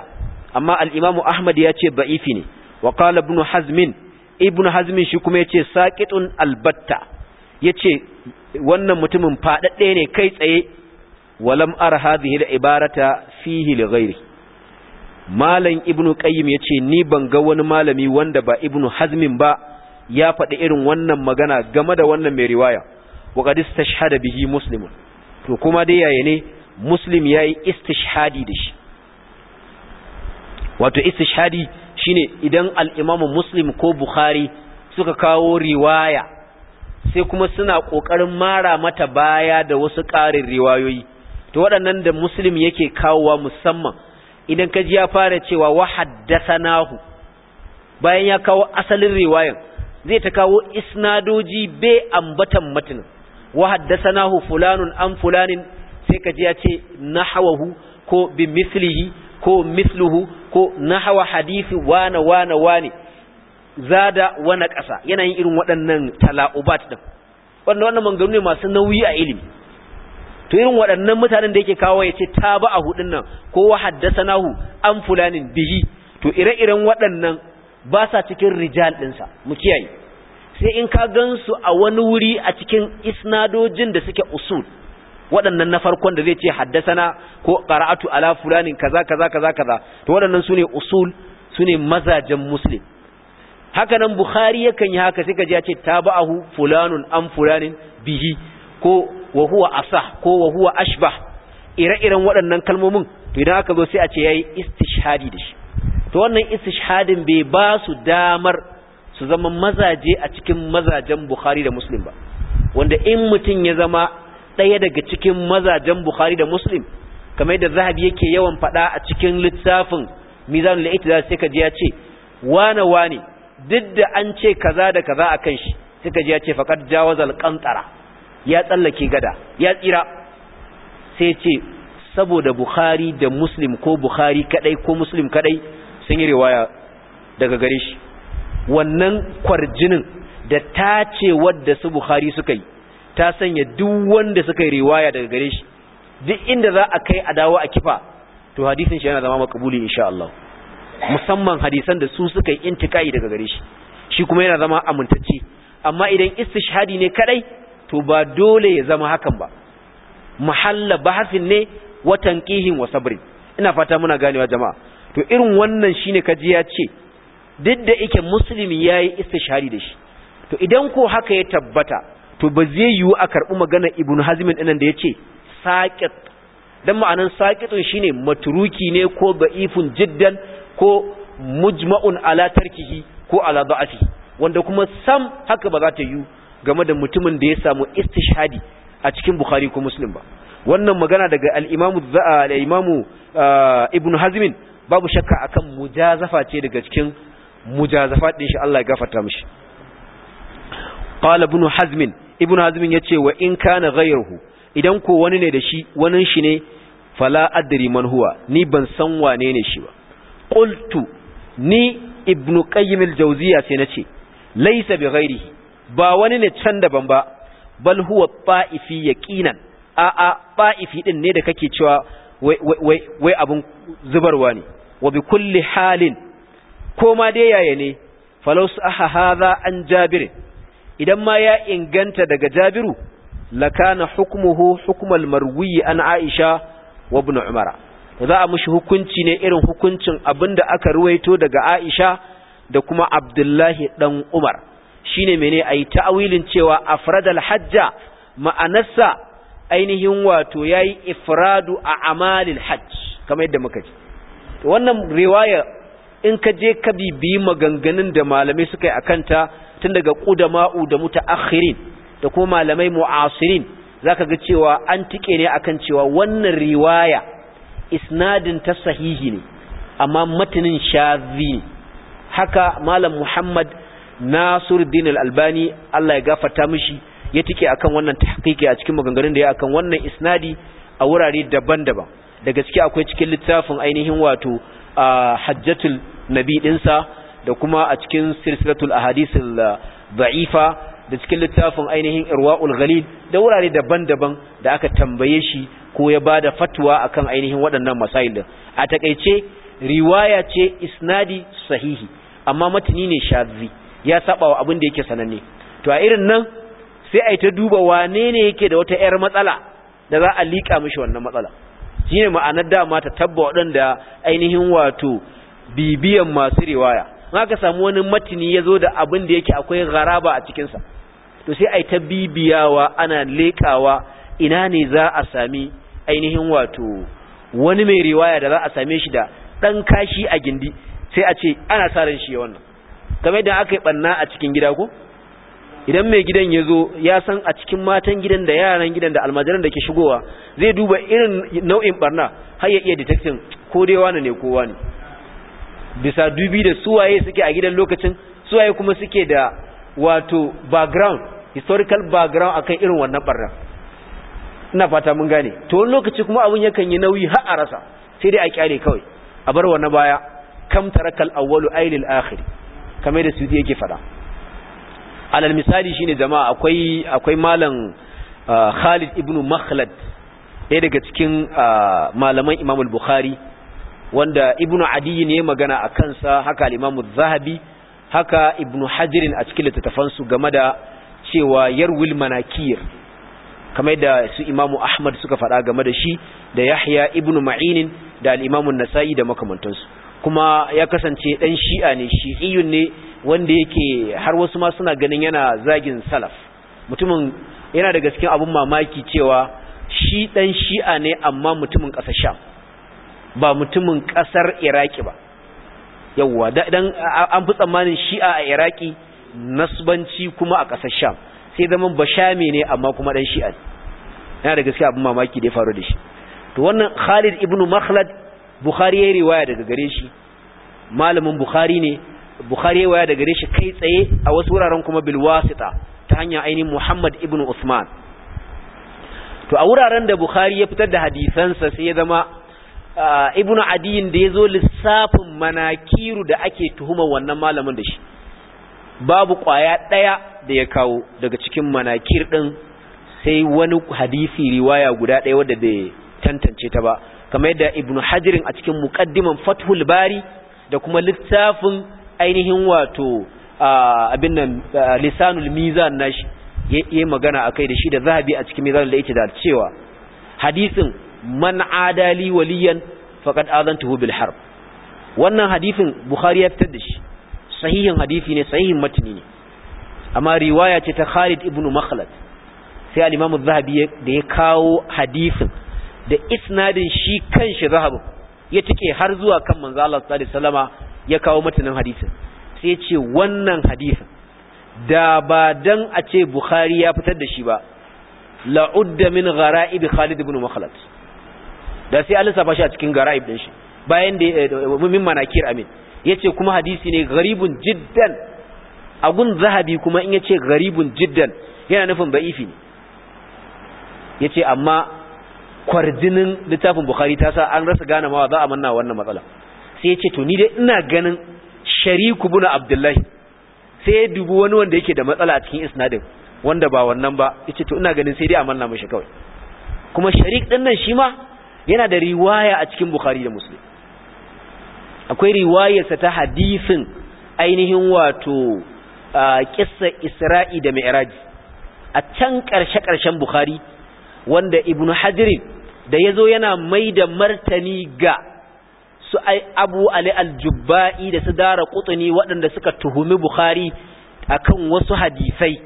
amma al-imam ahmad ya ce da'ifi ne wa qala ibn hazm ibn hazm shi kuma yace saqitun albatta yace wannan mutumin fadadde ne kai tsaye walam ara hadhihi al-ibarata fihi li malam ibn qayyim yace ni ban ga wani malami wanda ba ibn hazm ba ya faɗi irin wannan magana game da wannan mai riwaya wa qad istashhada bihi muslimun to kuma dai yaya ne muslim yayi istishhadi da shi wato istishhadi shine idan al-imam muslim ko bukhari suka kawo riwaya sai kuma suna kokarin mara mata baya da wasu ƙarin riwayoyi to waɗannan da muslim yake kawowa musamman idan kaji ya fara cewa wa haddathanahu bayan ya kawo asalin riwayan zai ta kawo isnadoji bai ambatan matanin wa haddathanahu fulanun an fulanin sai kaji ya ce nahawahu ko bi mislihi ko misluhu ko nahawa hadisi wana wana zada wana ƙasa yana yin irin waɗannan tala'ubat din wannan wannan mangaru ne masu nauyi a ilimi to irin waɗannan mutanen da yake kawo ya ce ta ba a hudun nan ko wa an fulanin bihi to ire-iren waɗannan ba sa cikin rijal ɗinsa mu kiyaye sai in ka gansu a wani wuri a cikin isnadojin da suke usul waɗannan na farkon da zai ce haddasana ko qara'atu ala fulani kaza kaza kaza kaza to waɗannan sune usul sune mazajen muslim haka nan bukhari yakan yi haka sai ka ji ya a tabahu fulanun an fulanin bihi ko wa huwa asah ko wa huwa ashbah ire-iren waɗannan kalmomin to idan aka zo sai a ce yayi istishhadi da shi to wannan istishhadin bai ba su damar su zama mazaje a cikin mazajen bukhari da muslim ba wanda in mutum ya zama ɗaya daga cikin mazajen bukhari da muslim kamar yadda zahabi yake yawan faɗa a cikin littafin mizanul i'tidal sai ka ji ya ce wane wane duk da an ce kaza da kaza akan shi sai ka ji ya ce faqad jawazal qantara ya tsallake gada ya tsira sai ce saboda bukhari da muslim ko bukhari kadai ko muslim kadai sun yi riwaya daga gare shi wannan kwarjinin da ta ce wadda su bukhari suka yi ta sanya duk wanda suka yi riwaya daga gare shi duk inda za a kai a dawo a kifa to hadisin shi yana zama makabuli insha Allah musamman hadisan da su suka yi intikai daga gare shi shi kuma yana zama amintacce amma idan istishhadi ne kadai to ba dole ya zama hakan ba mahalla bahasin ne wa tanqihin wa sabri ina fata muna ganewa jama'a to irin wannan shine kaji ya ce duk da yake musulmi yayi istishari da shi to idan ko haka ya tabbata to ba zai yiwu a karɓi magana ibnu hazmin din da yace saqit dan ma'anan saqitun shine matruki ne ko ba'ifun jiddan ko mujma'un ala tarkihi ko ala da'afi wanda kuma sam haka ba za ta yiwu game da mutumin da ya samu istishadi a cikin bukhari ko muslim ba wannan magana daga al-imamu al-imamu ah, ibnu hazm babu shakka akan mujazafa ce daga cikin mujazafat din shi Allah ya gafarta mishi qala ibn hazm ibn hazm yace wa in kana ghayruhu idan ko wani ne da shi wani shi ne fala adri man huwa ni ban san wane ne shi ba qultu ni ibn qayyim al-jawziya sai nace laysa bi ghayrihi ba wani ne can daban ba bal huwa ta'ifi yaqinan a a ta'ifi din ne da kake cewa wai abun zubarwa ne wa bi kulli halin ko ma dai yaya ne falau aha hada an jabir idan ma ya inganta daga jabiru lakana hukmuhu hukmal marwi an aisha wa ibn umara za a mushi hukunci ne irin hukuncin abinda aka ruwaito daga aisha da kuma abdullahi dan umar shine mene ayi ta'awilin cewa afradal hajja ma'anarsa ainihin wato yayi ifradu a amalil hajj kamar yadda muka ji wannan riwaya in ka je ka bibiyi maganganun da malamai suka yi a kanta tun daga ƙudama'u da akhirin da kuma malamai mu'asirin zaka ga cewa an tike ne kan cewa wannan riwaya isnadin ta sahihi ne amma matanin shazi haka malam Muhammad nasur din albani Allah ya gafata mishi ya tike kan wannan tahqiqi a cikin maganganun da ya akan wannan isnadi a wurare daban-daban daga gaske akwai cikin littafin ainihin wato hajjatul nabi dinsa da kuma a cikin silsilatul ahadisul da'ifa da cikin littafin ainihin irwaul ghalil da wurare daban-daban da aka tambaye shi ko ya bada fatwa akan ainihin waɗannan masail a takeice riwaya ce isnadi sahihi amma matani ne shazi ya saba wa abin da yake sananne to a irin nan sai a ta duba wane ne yake da wata 'yar matsala da za a liƙa mishi wannan matsala shi ne ma'anar dama ta tabba waɗanda ainihin wato bibiyan masu riwaya ka samu wani matini ya zo da abin da yake akwai garaba a cikinsa to sai a yi ta bibiyawa ana lekawa ina ne za a sami ainihin wato wani mai riwaya da za a same shi da ɗan kashi a gindi sai a ce ana sa ran shi wannan kamar idan aka yi ɓanna a cikin gida ko idan mai gidan ya zo ya san a cikin matan gidan da yaran gidan da almajiran da ke shigowa zai duba irin nau'in barna har ya iya detecting ko dai wani ne ko wani bisa dubi da suwaye suke a gidan lokacin suwaye kuma suke da wato background historical background akan irin wannan barna ina fata mun gane to wani lokaci kuma abin yakan yi nauyi har a rasa sai dai a kyale kawai a bar wani baya kam tarakal awwalu ailil akhir kamar da su yake faɗa. alal misali shine jama'a akwai akwai malam ah, Khalid ibn Makhlad ɗaya daga cikin ah, malaman Imam al-Bukhari wanda Ibn Adi ne magana a kansa haka al-Imam zahabi haka Ibn Hajirin a cikin littafan su game da cewa yarwil manakir kamar da su Imam Ahmad suka faɗa game da shi da Yahya ibn Ma'in da al-Imam An-Nasa'i da makamantansu kuma ya kasance dan Shi'a ne Shi'iyun ne wanda yake har wasu ma suna ganin yana zagin salaf mutumin yana da cikin abun mamaki cewa shi dan shi'a ne amma mutumin kasar sham ba mutumin kasar iraki ba yawwa dan an fi tsammanin shi'a a iraki nasbanci kuma a kasar sham sai zaman bashami ne amma kuma dan shi'a yana da gaskiya abin mamaki da ya faru da shi to wannan Khalid ibnu Makhlad Bukhari ya riwaya daga gare shi malamin Bukhari ne bukhari waya daga gare shi kai tsaye a wasu wuraren kuma bil wasita ta hanyar ainihin muhammad ibn usman to a wuraren da bukhari ya fitar da hadisansa sai ya zama ibn adiyin da ya zo lissafin manakiru da ake tuhuma wannan malamin da shi babu ƙwaya ɗaya da ya kawo daga cikin manakir ɗin sai wani hadisi riwaya guda ɗaya wadda bai tantance ta ba kamar yadda ibn hajirin a cikin muƙaddiman fathul bari da kuma littafin ainihin wato abin nan lisanul mizan nashi yayi magana akai da shi da zahabi a cikin mizan da yake da cewa hadisin man adali waliyan faqad azantuhu bil harb wannan hadisin bukhari ya fitar da shi sahihin hadisi ne sahihin matni ne amma riwaya ce ta Khalid ibn Makhlad sai al-Imam az-Zahabi da ya kawo hadisin da isnadin shi kanshi zahabi ya tike har zuwa kan manzo Allah sallallahu alaihi wasallama ya kawo matanin hadisin sai ya ce wannan hadisin da ba dan a ce bukhari ya fitar da shi ba la'udda min gara'ib khalid ibn makhlad da sai an lissafa shi a cikin gara'ib din shi bayan da eh, min manakir amin yace kuma hadisi ne garibun jiddan agun zahabi kuma in yace garibun jiddan yana nufin baifi ne yace amma kwarjinin littafin bukhari ta sa an rasa gane ma za a manna wannan matsala sai ya ce to ni dai ina ganin shariku bin abdullahi sai ya dubi wani wanda yake da matsala a cikin isnadin wanda ba wannan ba yace to ina ganin sai dai amanna mishi kawai kuma sharik din nan shi ma yana da riwaya a cikin bukhari da muslim akwai riwayarsa ta hadisin ainihin wato kissa isra'i da mi'raj a can karshe karshen bukhari wanda ibnu hajar da ya zo yana mai da martani ga su abu ali aljubba'i da su dara kutuni waɗanda suka tuhumi bukhari akan wasu hadisai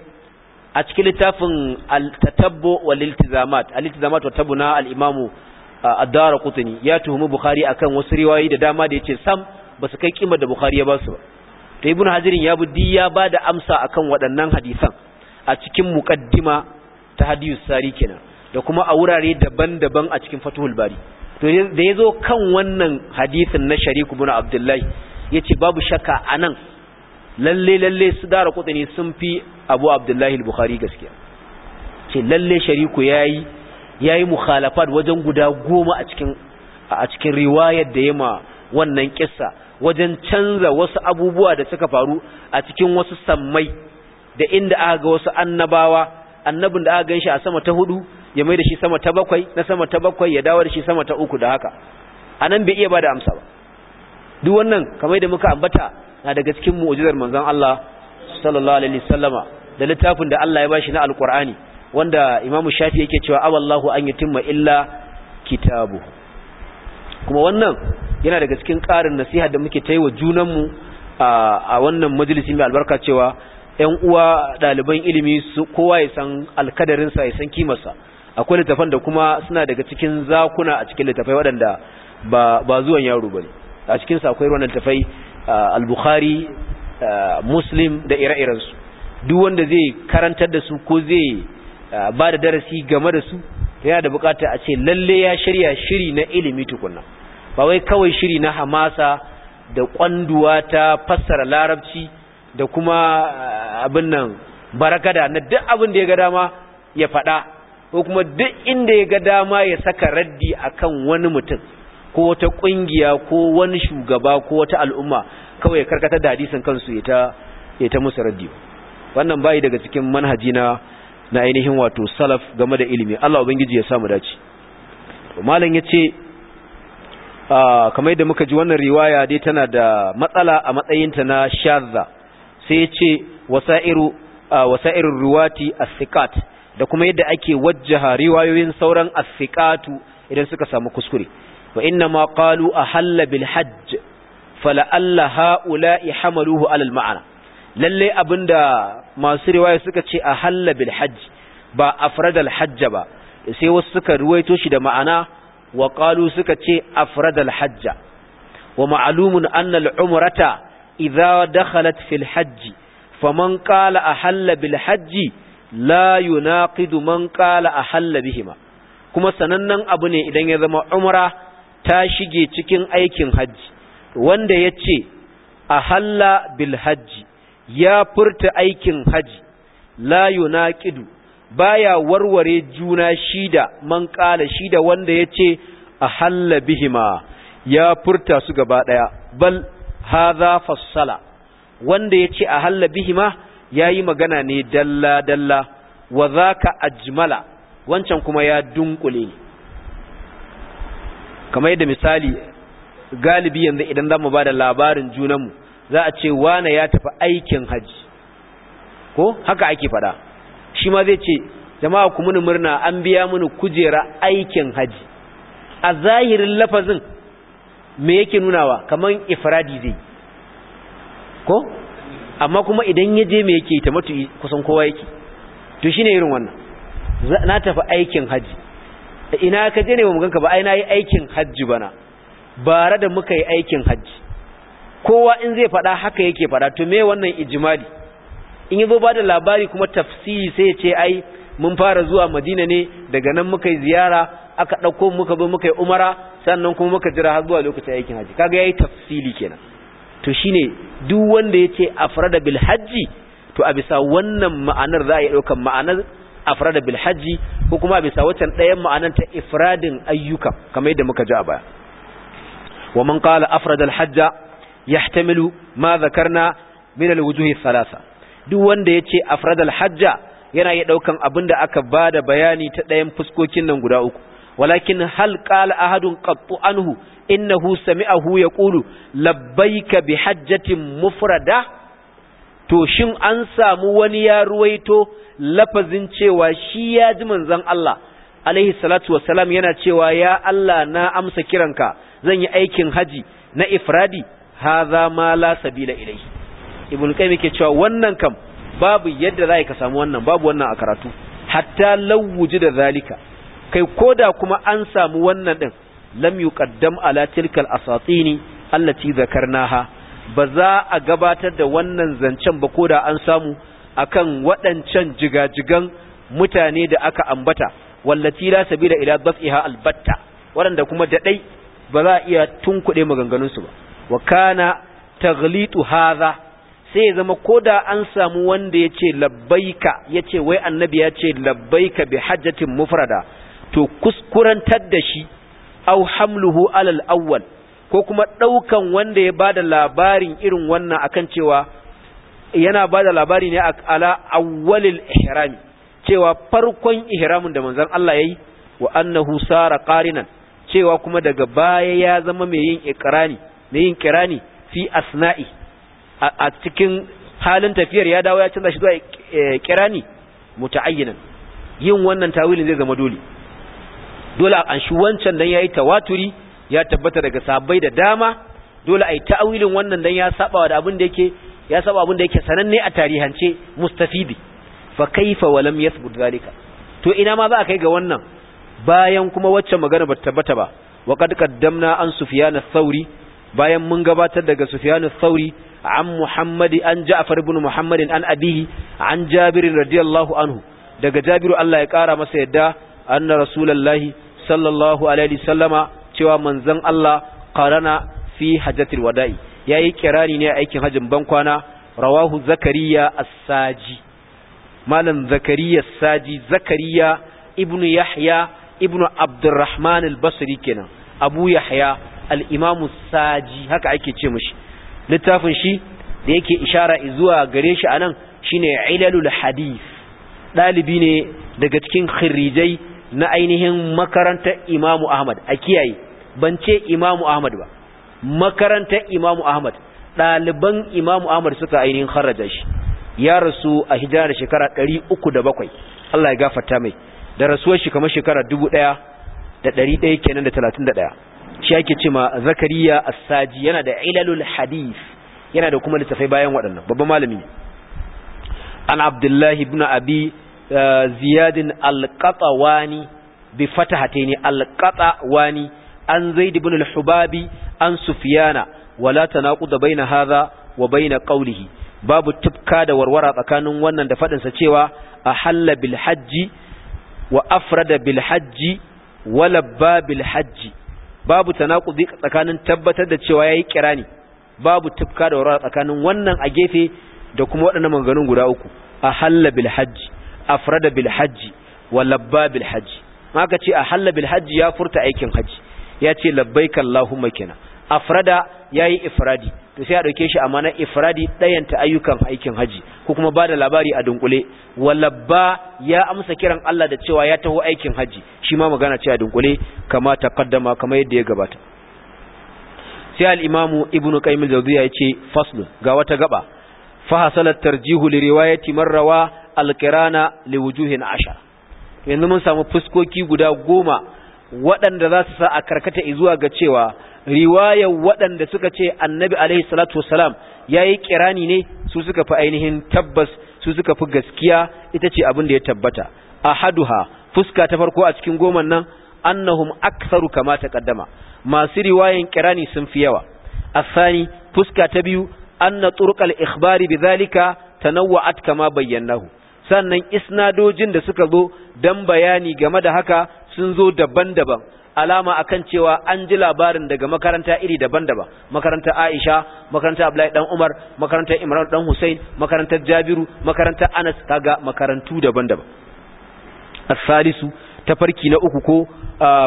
a cikin littafin al-tatabbu wal iltizamat al-iltizamat wa tabuna al imam ad-dara kutuni ya tuhumi bukhari akan wasu riwayoyi da dama da yace sam basu kai kima da bukhari ya basu ba to ibnu hazirin ya buddi ya bada amsa akan waɗannan hadisan a cikin muqaddima ta hadiyus sari kenan da kuma a wurare daban-daban a cikin fatuhul bari to da ya zo kan wannan hadisin na shariku bin abdullahi ya ce babu shakka a nan lalle lalle su dara kutani sun fi abu abdullahi bukhari gaskiya ce lalle shariku ya yi ya yi mukhalafat wajen guda goma a cikin a riwayar da ya ma wannan kissa wajen canza wasu abubuwa da suka faru a cikin wasu sammai da inda aka ga wasu annabawa annabin da aka ganshi a sama ta hudu ya mai da shi sama ta bakwai na sama ta bakwai ya dawo da shi sama ta uku da haka a nan bai iya ba da amsa ba duk wannan kamar da muka ambata na daga cikin mu'ujizar manzon Allah sallallahu alaihi wasallama da littafin da Allah ya bashi na alqur'ani wanda Imam Shafi yake cewa awallahu an yutimma illa kitabu kuma wannan yana daga cikin ƙarin nasiha da muke ta yi wa junanmu a wannan majalisi mai albarka cewa ‘yan uwa ɗaliban ilimi su kowa ya san alkadarinsa ya san kimarsa akwai littafan da kuma suna daga cikin zakuna a cikin littafai waɗanda ba ba zuwan yaro bane a cikin sa akwai wannan littafai al-bukhari muslim da ire-iren su duk wanda zai karantar da su ko zai ba da darasi game da su yana da bukata a ce lalle ya shirya shiri na ilimi tukunna ba wai kawai shiri na hamasa da kwanduwa ta fassara larabci da kuma abin nan barakada na duk abin da ya ga dama ya faɗa ko kuma duk inda ya ga dama ya saka raddi akan wani mutum ko wata ƙungiya ko wani shugaba ko wata al'umma kawai karkata da hadisin kansu ya ta ya ta musu raddi wannan bai daga cikin manhaji na na ainihin wato salaf game da ilimi Allah ubangiji ya samu dace to malam yace ah kamar yadda muka ji wannan riwaya dai tana da matsala a matsayinta na shaza. sai yace wasairu wasairu ruwati as-sikat da kuma yadda ake wajjaha riwayoyin sauran afiqatu idan suka samu kuskure wa inna ma qalu ahalla bil hajj fala alla haula'i hamaluhu ala ma'ana lalle abinda masu riwaya suka ce ahalla bil hajj ba afradal hajj ba sai wasu suka ruwaito shi da ma'ana wa qalu suka ce afradal hajj wa ma'lumun anna al umrata idza dakhalat fil hajj faman qala ahalla bil hajj la yunaqidu man qala ahalla bihima kuma sanannen abu ne idan ya zama umra ta shige cikin aikin hajji wanda yace ahalla bil haji ya furta aikin hajji la yunaqidu baya warware juna shida man qala shida wanda yace ahalla bihima ya furta su gaba daya bal hadha fassala wanda yace ahalla bihima Ya yi magana ne dalla dalla wa za ka ajmala wancan kuma ya dunkule ne kamar yadda misali galibi yanzu idan za zamu da labarin junanmu za a ce wane ya tafi aikin hajji ko haka ake fada shi ma zai ce jama'a ku muni murna an biya muni kujera aikin hajji a zahirin lafazin me yake nunawa kamar ifradi zai ko amma kuma idan ya je me yake ta matu kusan kowa yake to shine irin wannan na tafi aikin haji ina ka je ne ba mu ganka ba ai ina yi aikin haji bana bara da muka yi aikin haji kowa in zai faɗa haka yake fada to me wannan ijimali in yazo ba da labari kuma tafsiri sai ya ce ai mun fara zuwa madina ne daga nan muka yi ziyara aka ɗauko muka zo muka yi umara sannan kuma muka jira har zuwa lokacin aikin haji kaga yayi tafsili kenan to shine duk wanda yace afrada bil hajji to a bisa wannan ma'anar za a yi daukan ma'anar afrada bil hajji ko kuma a bisa waccan ɗayan ma'anar ta ifradin ayyuka kamar yadda muka ji a baya wa man qala afrada al hajja yahtamilu ma zakarna min al wujuhi thalatha duk wanda yace afrada al hajja yana iya daukan abinda aka bada bayani ta ɗayan fuskokin nan guda uku walakin hal qala ahadun qattu anhu innahu sami'ahu ka bi bihajjatin mufrada to shin an samu wani ya ruwaito lafazin cewa shi ya ji manzon Allah alaihi salatu wassalam yana cewa ya Allah na amsa kiranka zan yi aikin haji na ifradi hadha ma la sabila ilayhi ibn qayyim yake cewa wannan kam babu yadda za ka samu wannan babu wannan a karatu hatta lawuji da zalika kai koda kuma an samu wannan din lam yuqaddam ala tilkal asatini allati zakarnaha ba za a gabatar da wannan zancen ba koda an samu akan waɗancan jigajigan mutane da aka ambata wallati la sabila ila dafiha albatta waɗanda kuma daɗai ba za a iya tunkuɗe maganganunsu ba wa kana taghlitu hadha sai ya zama koda an samu wanda ya ce labbaika ya ce wai annabi ya ce labbaika bi hajjatin mufrada to kuskurantar da shi au hamluhu alal awwal ko kuma ɗaukan wanda ya bada labarin irin wannan akan cewa yana bada labari ne ala awwalil ihram cewa farkon ihramin da manzon Allah yayi wa annahu sara qarinan cewa kuma daga baya ya zama mai yin ikrani mai yin kirani fi asna'i a cikin halin tafiyar ya dawo ya canza shi zuwa eh, kirani muta'ayyinan yin wannan tawilin zai zama dole dole a anshi wancan dan yayi tawaturi ya tabbata daga sabbai da dama dole ai ta'awilin wannan dan ya saba da abin da yake ya saba abin da yake sananne a tarihance mustafidi fa kaifa wa lam yathbut zalika to ina ma za a kai ga wannan bayan kuma wacce magana ba tabbata ba wa qad qaddamna an sufyan ath-thauri bayan mun gabatar daga sufyan ath-thauri an muhammadi an ja'far ibn muhammadin an abihi an jabir radiyallahu anhu daga jabiru Allah ya kara masa yadda anna rasulullahi sallallahu alaihi sallama cewa manzon Allah qarana fi hajjatil wada'i yayi kirani ne aikin hajjin bankwana rawahu zakariya as-saji malam zakariya as-saji zakariya ibnu yahya ibnu abdurrahman al-basri kenan abu yahya al-imamu saji haka ake ce mishi littafin shi da yake ishara zuwa gare shi anan shine ilalul hadith dalibi ne daga cikin khirijai na ainihin makarantar imamu ahmad a kiyaye ban ce imamu ahmad ba makarantar imamu ahmad ɗaliban imamu ahmad suka ainihin haraja shi ya rasu a hijira da shekara ɗari uku da bakwai allah ya gafarta mai da rasuwar shi kamar shekara dubu ɗaya da ɗari ɗaya kenan da talatin da ɗaya shi ake ce ma zakariya saji yana da ilalul hadith yana da kuma littafai bayan waɗannan babban malami an abdullahi ibn abi ziyadin alƙatsawani bi fatahate ne alƙatsawani an zai ibn al-hubabi an sufyana wala ta tanaquda baina hadha wa baina qawlihi babu tufka da warwara tsakanin wannan da fadin cewa ahalla bil hajji wa afrada bil hajji wa labba bil hajji babu tanaqudi tsakanin tabbatar da cewa yayi kirani babu tufka da warwara tsakanin wannan a gefe da kuma waɗannan maganin guda uku ahalla bil hajji afrada bil hajji wa labba hajji maka ce a halla bil hajji ya furta aikin hajji ya ce labbaika allahumma kenan afrada yayi ifradi to sai a dauke shi amana ifradi dayanta ayyukan aikin haji ko kuma bada labari a dunkule walabba ya amsa kiran Allah da cewa ya taho aikin haji shi ma magana ce a dunkule kama taqaddama kama yadda ya gabata sai al-imamu ibnu qayyim al-jawziyya yace faslu ga wata gaba fa hasalat tarjihu li riwayati man rawa alkirana liwujuhin ashar yanzu mun samu fuskoki guda goma waɗanda za su sa a karkata zuwa ga cewa riwayar waɗanda suka ce annabi alaihi salatu wasalam ya yi kirani ne su suka fi ainihin tabbas su suka fi gaskiya ita ce abin da ya tabbata a haduha fuska ta farko a cikin goman nan annahum aksaru kama kaddama masu riwayan kirani sun fi yawa asani fuska ta biyu anna turqal ikhbari bidhalika tanawwa'at kama bayyanahu sannan isnadojin da suka zo don bayani game da haka sun zo daban-daban alama akan cewa an ji labarin daga makaranta iri daban-daban makaranta Aisha makaranta Abdullahi dan Umar makaranta Imran dan Hussein makarantar Jabiru makaranta Anas kaga makarantu daban-daban as-salisu tafarki na uku ko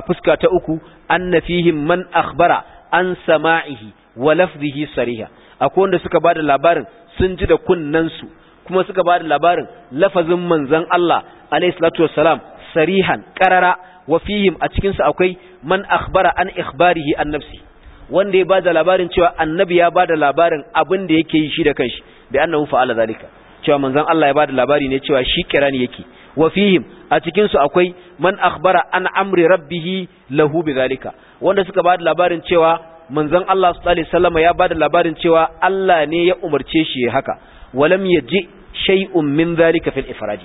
fuska ta uku anna fihim man akhbara an sama'ihi wa lafzihi sariha akwai wanda suka bada labarin sun ji da kunnan su kuma suka ba da labarin lafazin Manzan Allah alayhi salatu wassalam sarihan qarara wa fihim a cikin su akwai man akhbara an ikhbarihi an nafsi wanda ya bada labarin cewa annabi ya bada labarin abin da yake yi shi da kanshi bi annahu fa'ala zalika cewa Manzan Allah ya bada labari ne cewa shi kirani yake wa fihim a cikin su akwai man akhbara an amri rabbihi lahu bi zalika wanda suka bada labarin cewa Manzan Allah sallallahu alaihi wasallam ya bada labarin cewa Allah ne ya umarce shi haka walam yaji shay'un min zalika fil ifradi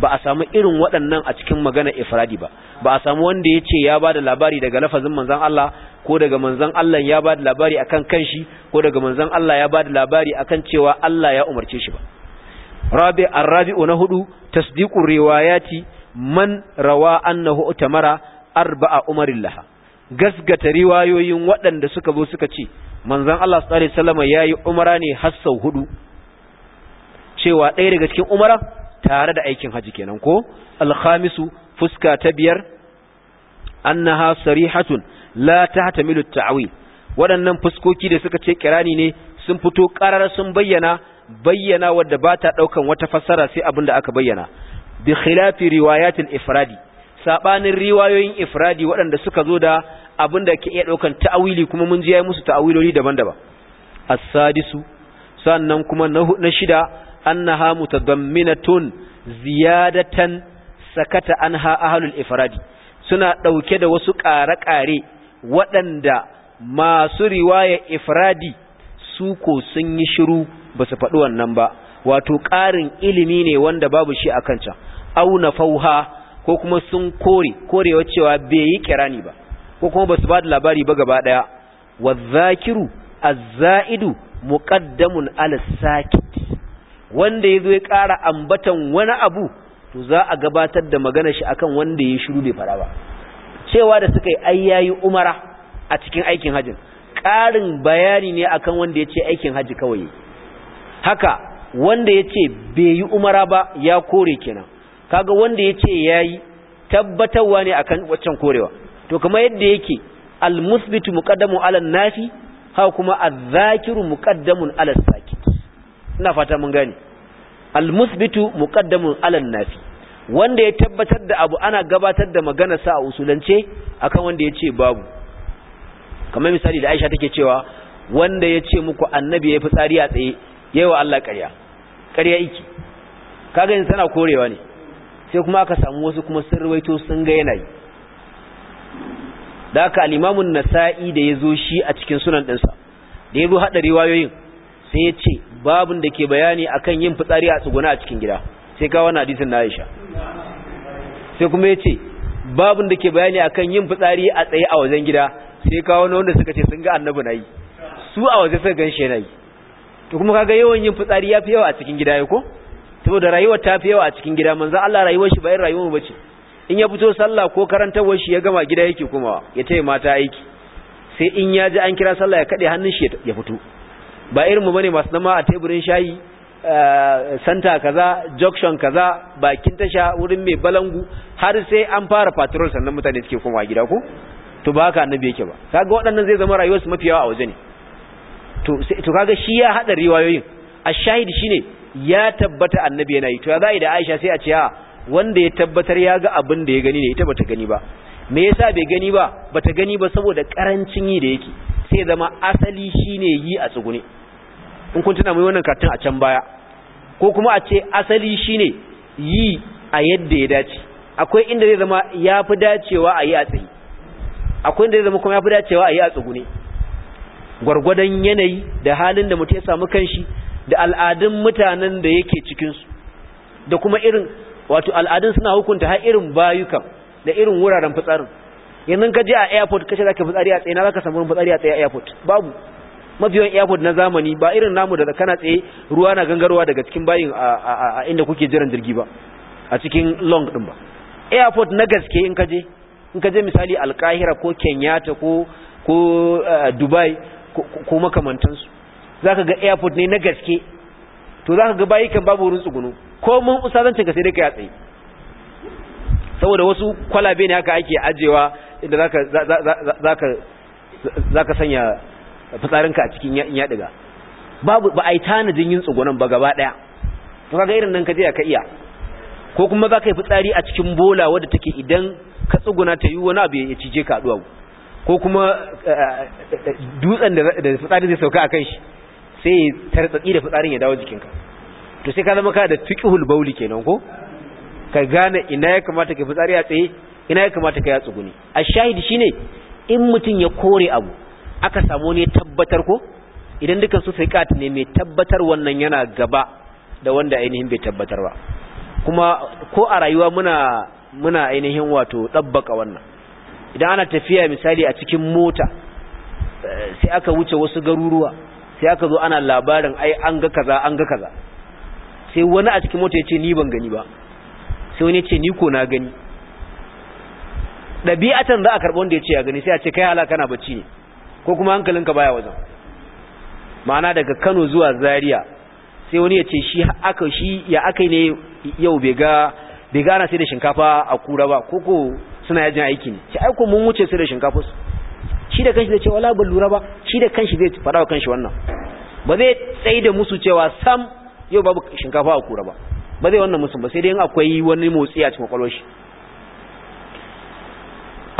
ba a samu irin waɗannan a cikin magana ifradi ba ba a samu wanda ya ce ya bada labari daga lafazin manzan Allah ko daga manzon Allah ya bada labari akan kanshi ko daga manzon Allah ya bada da labari akan cewa Allah ya umarce shi ba rabi Rabi'u na hudu tasdiqu riwayati man rawa annahu utamara arba'a umarillah gasgata riwayoyin waɗanda suka zo suka ce manzon Allah sallallahu alaihi wasallam yayi umara ne har sau hudu cewa ɗaya daga cikin umara tare da aikin haji kenan ko alkhamisu fuska ta biyar annaha sarihatun la tahtamilu ta'wil waɗannan fuskoki da suka ce kirani ne sun fito ƙarar sun bayyana bayyana wadda ba ta ɗaukan wata fassara sai abinda aka bayyana bi khilafi riwayatil ifradi sabanin riwayoyin ifradi waɗanda suka zo da abinda da ke iya ɗaukan ta'awili kuma mun ji yayi musu ta'awiloli daban-daban as-sadisu sannan kuma na shida annaha mutadamminatun ziyaratan sakata anha ahlul ifradi suna ɗauke da wasu ƙare-ƙare waɗanda masu riwaya ifradi su ko sun yi shiru ba su faɗi wannan ba wato ƙarin ilimi ne wanda babu shi a kan can auna fauha ko kuma sun kore korewa cewa bai yi kirani ba ko kuma basu ba da labari ba gaba daya wadhakiru azza'idu muqaddamun muƙaddamun saki wanda ya zo ya ƙara ambatan wani abu to za a gabatar da magana shi akan wanda ya shiru bai fara ba cewa da suka yi ayyayi umara a cikin aikin hajjin ƙarin bayani ne akan wanda ya ce aikin hajji kawai haka wanda ya ce bai yi umara ba ya kore kenan kaga wanda ya ce ya yi tabbatarwa ne akan waccan korewa to kamar yadda yake almusbitu muqaddamu ala nafi ha kuma adh-dhakiru muqaddamun ala saki ina fata mun gani. almusbitu muqaddamun alal nafi wanda ya tabbatar da abu ana gabatar da magana sa a usulance akan wanda ya ce babu kamar misali da Aisha take cewa wanda ya ce muku annabi ya fi tsari a tsaye yayi wa Allah ƙarya ƙarya yake kaga yanzu tana korewa ne sai kuma aka samu wasu kuma sun rawaito sun ga yanayi da aka al Nasa'i da yazo shi a cikin sunan dinsa da yazo hada riwayoyin sai ya ce babun da ke bayani akan yin fitsari a tsuguna a cikin gida sai ka wani hadisin na Aisha sai kuma yace babun da ke bayani akan yin fitsari a tsaye a wajen gida sai ka wani wanda suka ce sun ga annabi nayi su a waje suka ganshi nayi to kuma kaga yawan yin fitsari yafi yawa a cikin gida yau ko saboda rayuwar ta fi yawa a cikin gida manzo Allah rayuwar shi irin rayuwar mu bace in ya fito sallah ko karantawar shi ya gama gida yake kuma ya taya mata aiki sai in ya ji an kira sallah ya kade hannun shi ya fito ba irin mu bane masu nama a teburin shayi santa eh, kaza junction kaza bakin tasha wurin mai balangu har sai an fara patrol sannan mutane suke komawa gida ko to ba haka annabi yake ba kaga waɗannan zai zama rayuwarsu mafi yawa a waje ne to to kaga shi ya hada riwayoyin ash-shahid shine ya tabbata annabi yana yi to ya zai da Aisha sai a ce a ah, wanda ya tabbatar ya ga abin da ya gani ne ita bata gani ba me yasa bai gani ba bata gani ba saboda karancin yi da yake sai zama asali shine yi a tsugune in kun tuna mai wannan karatun a can baya ko kuma a ce asali shine yi a yadda ya dace akwai inda zai zama ya fi dacewa a yi a tsaye akwai inda zai zama kuma ya fi dacewa a yi a tsugune gwargwadon yanayi da halin da mutum ya samu kanshi da al'adun mutanen da yake cikinsu da kuma irin wato al'adun suna hukunta har irin bayukan da irin wuraren fitsarin yanzu ka je a airport kace fi fitsari a tsaye na ka samu fitsari a tsaye a airport babu mafiyan airport na zamani ba irin namu da kana tsaye ruwa na gangarwa daga cikin bayin a inda kuke jiran jirgi ba a cikin long din ba airport na gaske in kaje in kaje misali alkahira ko kenyatta ko ko dubai ko makamantansu zaka ga airport ne na gaske to zaka ga bayi kan babu wurin tsugunu ko mun usazancin ka sai dai ka tsaye saboda wasu kwalabe ne haka ake ajewa inda zaka zaka zaka sanya fitsarinka a cikin ya diga babu ba a yi tanadin yin tsugunan ba gaba daya to kaga irin nan ka je ka iya ko kuma za ka yi fitsari a cikin bola wadda take idan ka tsuguna ta yi wani abu ya cije ka duwawu ko kuma eh, eh, eh, dutsen da fitsari zai sauka a kan shi sai ya tartsatsi da fitsarin ya dawo jikinka to sai ka zama ka da fiqhul bauli kenan ko ka gane ina ya kamata ka fitsari a tsaye ina ya kamata ka a tsuguni a shahidi shine in mutum ya kore abu aka samu ne tabbatar ko idan duka su fiqat ne mai tabbatar wannan yana gaba da wanda ainihin bai tabbatar ba kuma ko a rayuwa muna muna ainihin wato dabbaka wannan idan ana tafiya misali a cikin mota eh, sai aka wuce wasu garuruwa sai aka zo ana labarin ai an ga kaza an ga kaza sai wani a cikin mota ya ce ni ban gani ba sai wani ya ce ni ko na gani ɗabi'atan za a karɓi wanda ya ce ya gani sai a ce kai halaka kana bacci ne ko kuma hankalinka baya wajen ma'ana daga Kano zuwa Zaria sai wani ya ce shi aka shi ya akai ne yau bai ga bai gana sai da shinkafa a kura ba ko ko suna yajin aiki ne sai aiko mun wuce sai da shinkafa shi da kanshi zai ce wala ban lura ba shi da kanshi zai fada wa kanshi wannan ba zai tsaye da musu cewa sam yau babu shinkafa a kura ba ba zai wannan musu ba sai dai in akwai wani motsi a cikin kwakwalwar shi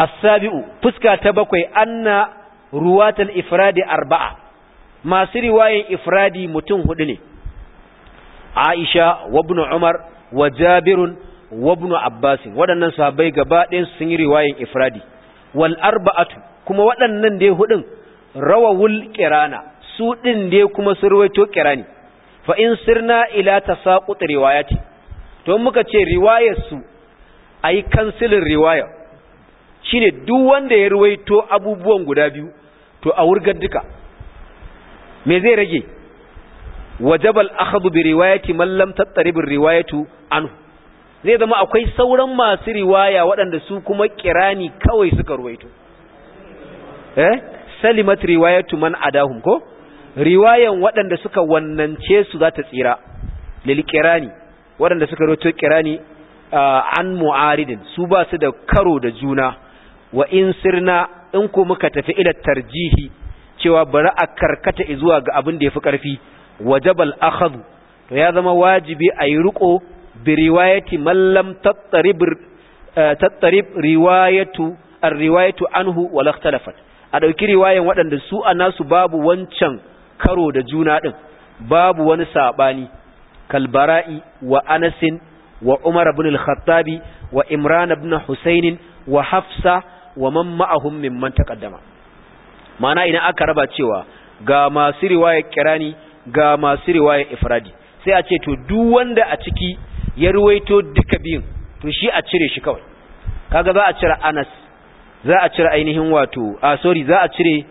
as-sabi'u fuska ta bakwai anna ruwatul ifradi arba'a masu riwayan ifradi mutum hudu ne Aisha wa ibn Umar wa Jabiru, wa ibn Abbas waɗannan sahabbai gaba ɗayan sun yi riwayan ifradi wal arba'atu kuma waɗannan dai hudun rawawul qirana su din dai kuma su ruwaito qirani fa in sirna ila tasaqut riwayati to muka ce riwayar su ayi kansilin riwaya shine duk wanda ya ruwaito abubuwan guda biyu to a wurgar duka me zai rage wajabal akhadhu bi riwayati man lam tattarib riwayatu anhu zai zama akwai sauran masu riwaya waɗanda su kuma kirani kawai suka ruwaito eh salimat riwayatu man adahum ko riwayan waɗanda suka wannance su za ta tsira lil kirani waɗanda suka ruwaito kirani ah, an mu'aridin su ba su da karo da juna wa in sirna in ku muka tafi ila tarjihi cewa bari a karkata zuwa ga abin da yafi karfi wajabal akhadh to ya zama wajibi ayi riko bi riwayati man lam tattarib eh, tattarib riwayatu ar-riwayatu anhu wa ikhtalafat a dauki riwayan waɗanda su a nasu babu wancan karo da juna din babu wani sabani kalbara'i wa anasin wa umar ibn al-khattabi wa imran ibn Hussaini wa hafsa wa man ma'ahum mimman taqaddama mana idan aka raba cewa ga masu riwaya kirani ga masu riwaya ifradi sai a ce to duk wanda a ciki ya ruwaito duka biyun to shi a cire shi kawai kaga za a cire Anas za a cire ainihin wato ah sorry za a cire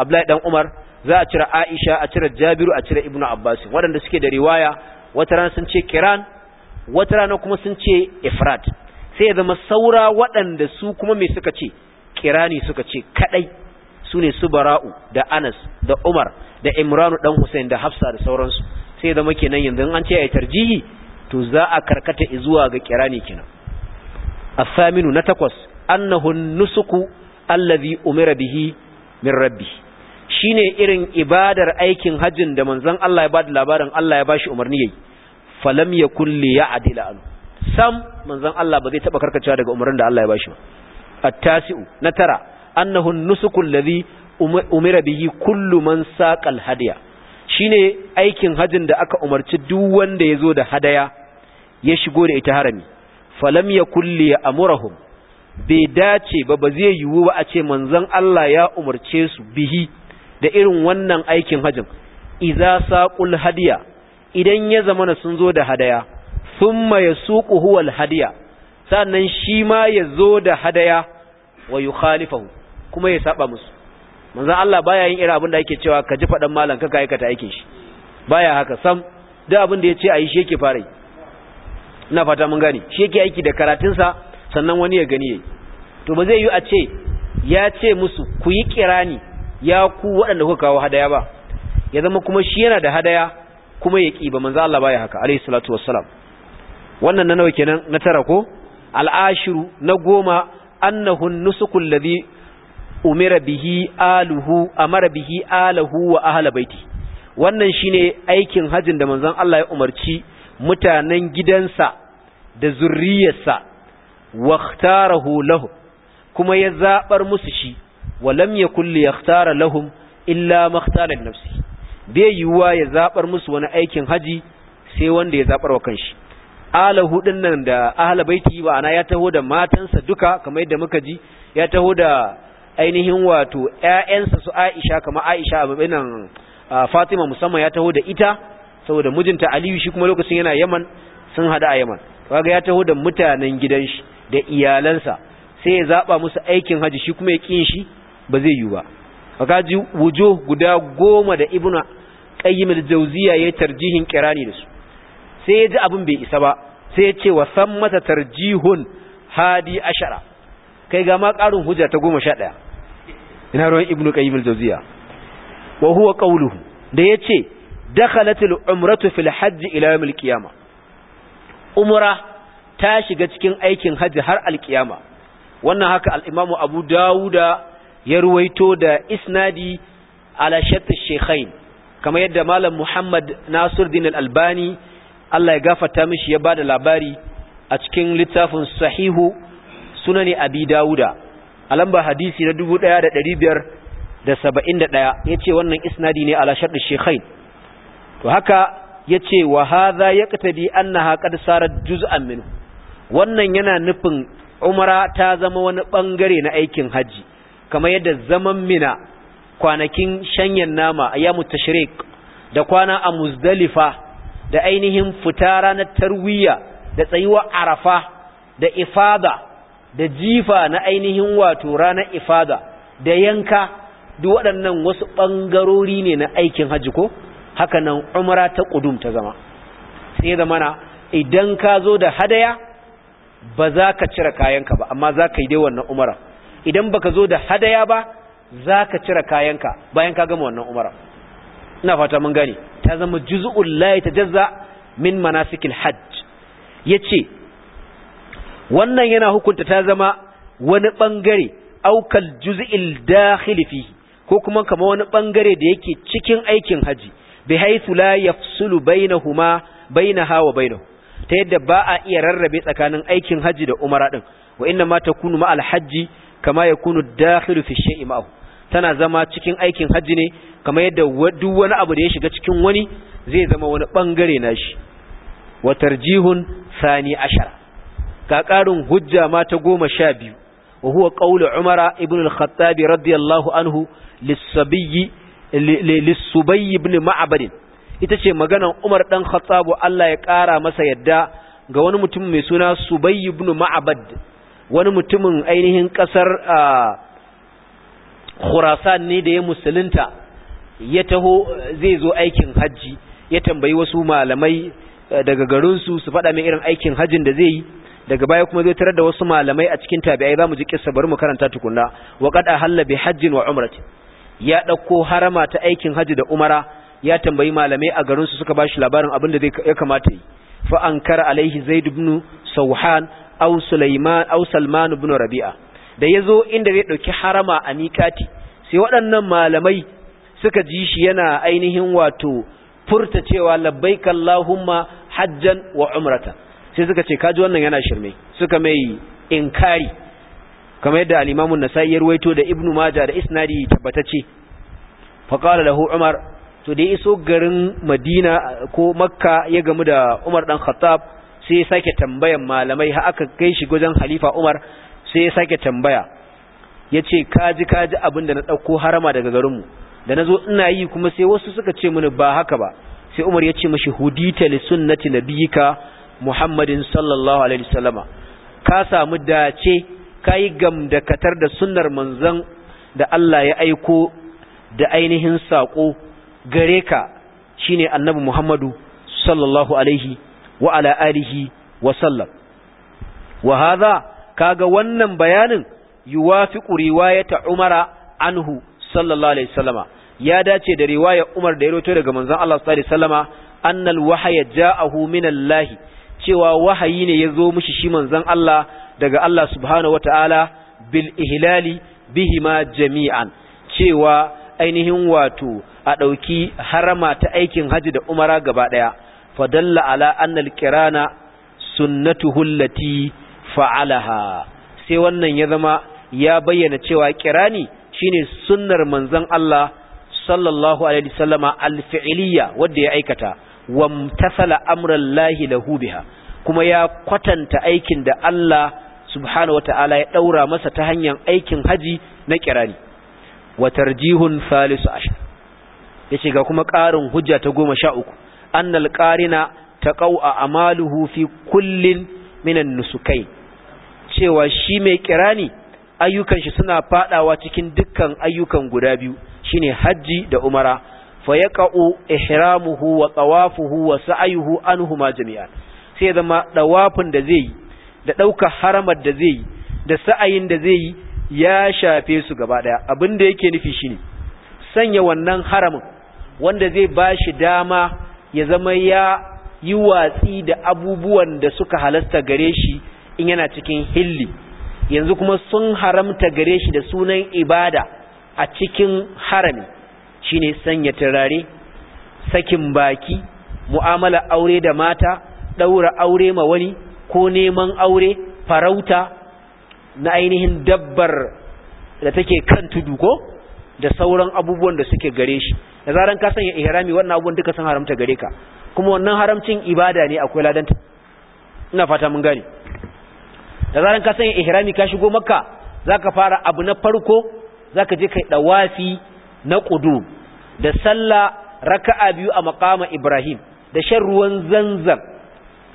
Abdullahi dan Umar za a cire Aisha a cire Jabiru a cire Ibnu Abbas waɗanda suke da riwaya wata ran sun ce kiran wata rana kuma sun ce ifrad sai ya zama saura waɗanda su kuma mai suka ce kirani suka ce kaɗai su ne su bara'u da anas da umar da imranu ɗan hussein da hafsa da sauransu sai zama kenan yanzu an ce ya tarjihi to za a karkata zuwa ga kirani kenan asaminu na takwas annahu nusuku allazi umira bihi min rabbi shine irin ibadar aikin hajjin da manzon Allah ya bada labarin Allah ya bashi umarni yayi falam yakulli ya'dila anhu sam manzon Allah ba zai taba karkacewa daga umarnin da Allah ya bashi at-tasi'u na tara annahu nusukul ladhi umira bihi kullu man saqal hadiya shine aikin hajin da aka umarci duk wanda yazo da hadaya ya shigo da ita harami falam yakulli amurahum bai dace ba ba zai yiwu ba a ce manzon Allah ya umarce su bihi da irin wannan aikin hajin idza saqul hadiya idan ya zamana sun zo da hadaya thumma yasuqu huwa alhadiya sannan shi ma ya zo da hadaya wa yukhalifahu kuma ya saba musu manzo Allah baya yin irin abin da yake cewa ka ji fadan malam ka aikata aikin shi baya haka sam duk abin da yace ayi shi yake fara yi ina fata mun gani shi yake aiki da karatunsa sannan wani ya gani yayi to ba zai yi a ce ya ce musu ku yi kirani ya ku waɗanda kuka kawo hadaya ba ya zama kuma shi yana da hadaya kuma ya ƙi ba manzo Allah baya haka alayhi salatu wassalam wannan na nawa kenan na tara ko al'ashiru na goma annahun nusukun ladhi umira bihi aluhu amara alahu wa ahla baiti wannan shine aikin hajin da manzon Allah ya umarci mutanen gidansa da zurriyarsa waqtarahu lahu kuma ya zaɓar musu shi walam yakul kulle yaktara lahum illa makhtara nafsi bai yiwuwa ya zaɓar musu wani aikin haji sai wanda ya zabar wa shi. Ala hudun nan da ahla baiti ba ana ya taho da matansa duka kamar yadda muka ji ya taho da ainihin wato ƴaƴansa su Aisha kamar Aisha abinan Fatima musamman ya taho da ita saboda mijinta Aliyu shi kuma lokacin yana Yaman sun hada a Yaman kaga ya taho da mutanen gidan shi da iyalansa sai ya zaba musu aikin haji shi kuma ya kin shi ba zai yi ba kaga ji wujo guda goma da Ibnu Qayyim al jawziya ya tarjihin kirani da su sai ya ji abin bai isa ba sai ya ce wa san mata tarjihun hadi ashara kai ga ma ƙarin hujja ta goma sha ɗaya ina ruwan ibnu qayyim al wa huwa qawluhu da yace dakhalatul umratu fil hajj ila yawm al umra ta shiga cikin aikin hajji har alkiyama wannan haka al-imamu abu dauda ya ruwaito da isnadi ala shatt ash-shaykhain kamar yadda malam muhammad nasiruddin al-albani Allah ya gafata mishi ya bada labari a cikin littafin sahihu sunani abi dauda a lamba hadisi na 1571 yace wannan isnadi ne ala shartu shaykhain to haka yace wa hadha yaqtadi annaha qad sarat juz'an min wannan yana nufin umara ta zama wani bangare na aikin haji kamar yadda zaman mina kwanakin shanyen nama ayyamu tashrik da kwana a muzdalifa da ainihin fita ranar tarwiyya, da tsayuwa arafa da ifada da jifa na ainihin wato ranar ifada da yanka duk waɗannan wasu ɓangarori ne na aikin hajji ko haka nan umara ta ƙudum ta zama sai da mana idan ka zo da hadaya ba za ka cire kayanka ba amma za ka yi dai wannan umara idan ba ka zo da hadaya ba za ka cire kayanka bayan ka gama wannan umara ina fata mun gane ta zama juz'ul la yatajazza min manasikil hajj yace wannan yana hukunta ta zama wani bangare aukal juz'il dakhil fihi ko kuma kamar wani bangare da yake cikin aikin haji bi haythu la yafsulu bainahuma bainaha wa bainahu ta yadda ba a iya rarrabe tsakanin aikin haji da umara din wa inna ma takunu ma al haji kama yakunu kunu fi shay'in ma'ahu tana zama cikin aikin hajji ne kamar yadda duk wani abu da ya shiga cikin wani zai zama wani bangare na shi wa tarjihun sani ashara ga karin hujja ma ta goma sha biyu wa huwa qawlu umara ibn al-khattab radiyallahu anhu lis-sabiyyi lis-subayy ibn ma'bad ita ce maganan umar dan khattabu Allah ya kara masa yadda ga wani mutum mai suna subayy ibn ma'bad wani mutumin ainihin kasar ah, khurasan ne da ya musulunta ya taho zai zo aikin hajji ya tambayi wasu malamai eh, daga garinsu su faɗa mai irin aikin hajjin da zai yi daga baya kuma zai tarar da wasu malamai a cikin tabi'ai zamu ji kissa bari mu karanta tukunna wa qad ahalla bi hajjin wa umrati ya dauko harama ta aikin hajji da umara ya tambayi malamai a garinsu suka suka bashi labarin abin da ya kamata yi fa ankara alaihi zaid ibn sauhan aw sulaiman aw salman ibn rabi'a da ya zo inda zai ɗauki harama a mikati sai waɗannan malamai suka ji shi yana ainihin wato furta cewa labbai kallahumma hajjan wa umrata sai suka ce kaji wannan yana shirme suka mai inkari kamar yadda alimamun imam Waito ruwaito da ibnu maja da isnadi tabbatace fa da lahu Umar to da iso garin Madina ko Makka ya gamu da Umar dan Khattab sai sake tambayan malamai har aka kai shi wajen Khalifa Umar sai ya sake tambaya ya ce kaji kaji abin da na ɗauko harama daga garinmu da na zo ina yi kuma sai wasu suka ce mini ba haka ba sai umar ya ce mashi hudita li sunnati nabiyika muhammadin sallallahu alaihi wasallama ka samu dace ka yi gamdakatar da sunnar manzon da Allah ya aiko da ainihin sako gare ka shine annabi muhammadu sallallahu alaihi wa ala alihi wa sallam wa hadha kaga wannan bayanin yuwafiqu riwayata umara anhu sallallahu alaihi wasallama ya dace da riwaya umar da ya roto daga manzon Allah sallallahu alaihi wasallama annal wahaya ja'ahu minallahi cewa wahayi ne yazo mishi shi manzon Allah daga Allah subhanahu wataala bil ihlali bihima jami'an cewa ainihin wato a ɗauki harama ta aikin haji da umara gaba ɗaya fadalla ala annal kirana sunnatuhu lati fa'alaha sai wannan ya zama ya bayyana cewa kirani shine sunnar manzan Allah sallallahu alaihi wasallama alfi’iliya wanda ya aikata wamtasala amrallahi da hubiha kuma ya kwatanta aikin da Allah subhanahu ta'ala ya ɗaura masa ta hanyar aikin haji na kirani Watarjihun Salisu thalith ya ce kuma ƙarin hujja ta goma sha uku, 13 annal ƙau a amaluhu fi kullin minan nusukai cewa shi mai kirani ayyukan shi suna fadawa cikin dukkan ayyukan guda biyu shine hajji da umara yaqa'u ihramuhu wa tawafuhu wa sa'yuhu anhuma jami'an sai zama dawafin da zai da dauka haramar da zai da sa'ayin da zai ya shafe su gaba daya abinda yake nufi shine sanya wannan haramin wanda zai bashi dama ya zama ya yi watsi da abubuwan da suka halasta gare shi in yana cikin hilli yanzu kuma sun haramta gare shi da sunan ibada a cikin harami shine sanya turare sakin baki mu'amala aure da mata daura aure ma wani ko neman aure farauta na ainihin dabbar da take kan tudu ko da sauran abubuwan da suke gare shi da zaran ka sanya ihrami wannan abubuwan duka sun haramta gare ka kuma wannan haramcin ibada ne akwai ladanta ina fata mun gane da zaran ka sanya ihrami ka shigo makka zaka fara abu na farko zaka je kai dawafi na qudu da sallah raka'a biyu a maqama ibrahim da shan ruwan zanzan.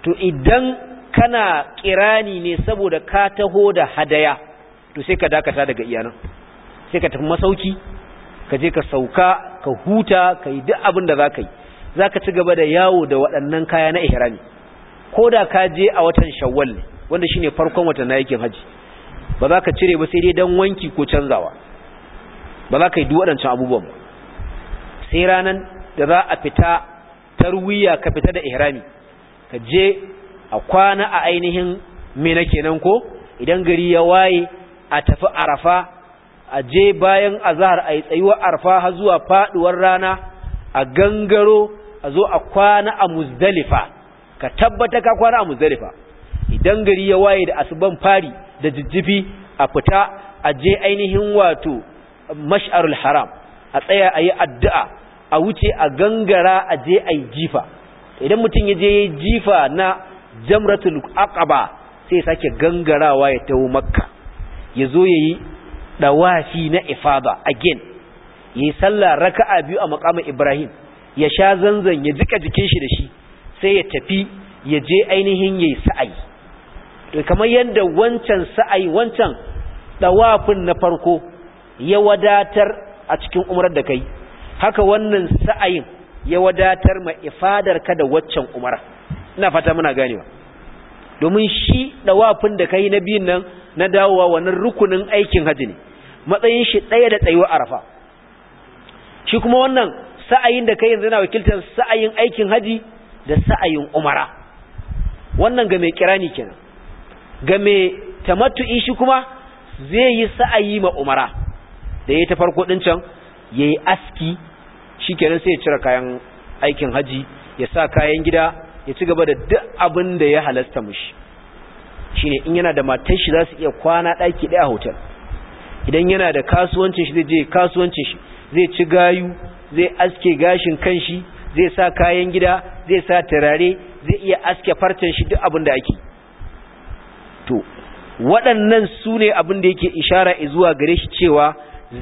to idan kana kirani ne saboda ka taho da hadaya to sai ka dakata daga iyanan sai ka tafi masauki ka je ka sauka ka huta ka yi duk abin da za ka yi za ci gaba da yawo da waɗannan kaya na ihrami ko da ka je a watan shawwal wanda shine farkon watan na yakin haji ba za ka cire ba sai dai dan wanki ko canzawa ba za ka yi duk waɗancan abubuwan ba sai ranan da za a fita tarwiya ka fita da ihrami ka je a kwana a ainihin mina kenan ko idan gari ya waye a tafi arafa a je bayan azhar a yi tsayuwar arafa har zuwa faduwar rana a gangaro a zo a kwana a muzdalifa ka tabbata ka kwana a muzdalifa idan gari ya waye da asuban fari da jijjifi a fita a je ainihin wato mash'arul haram a tsaya a yi addu'a a wuce a gangara a je a yi jifa idan mutum ya je ya yi jifa na jamratul aqaba sai ya sake gangarawa ya taho makka ya zo ya yi ɗawafi na ifada again ya yi sallah raka'a biyu a makamin ibrahim ya sha zanzan ya jika jikin shi da shi sai ya tafi ya je ainihin ya yi sa'ayi kamar yadda wancan sa'ai wancan dawafin na farko ya wadatar a cikin umrar da kai haka wannan sa'ayin ya wadatar ma ifadar ka da waccan umara ina fata muna ganewa domin shi dawafin da kai na biyun nan na dawowa wannan rukunin aikin haji ne matsayin shi ɗaya da tsayuwa arafa shi kuma wannan sa'ayin da kai yanzu yana wakiltar sa'ayin aikin haji da sa'ayin umara wannan ga mai kirani kenan ga me tamattu'i shi kuma zai yi sa'ayi ma umara da ya ta farko din can yi aski Shi kenan sai ya cire kayan aikin haji ya sa kayan gida ya ci gaba da duk abin da ya halasta mushi shine in yana da matar shi za su iya kwana ɗaki ɗaya a hotel idan yana da kasuwancin shi zai je kasuwancin shi zai ci gayu zai aske gashin kanshi zai sa kayan gida zai sa tarare, zai iya aske farcen shi duk abin da ake to waɗannan su ne abin da yake ishara zuwa gare shi cewa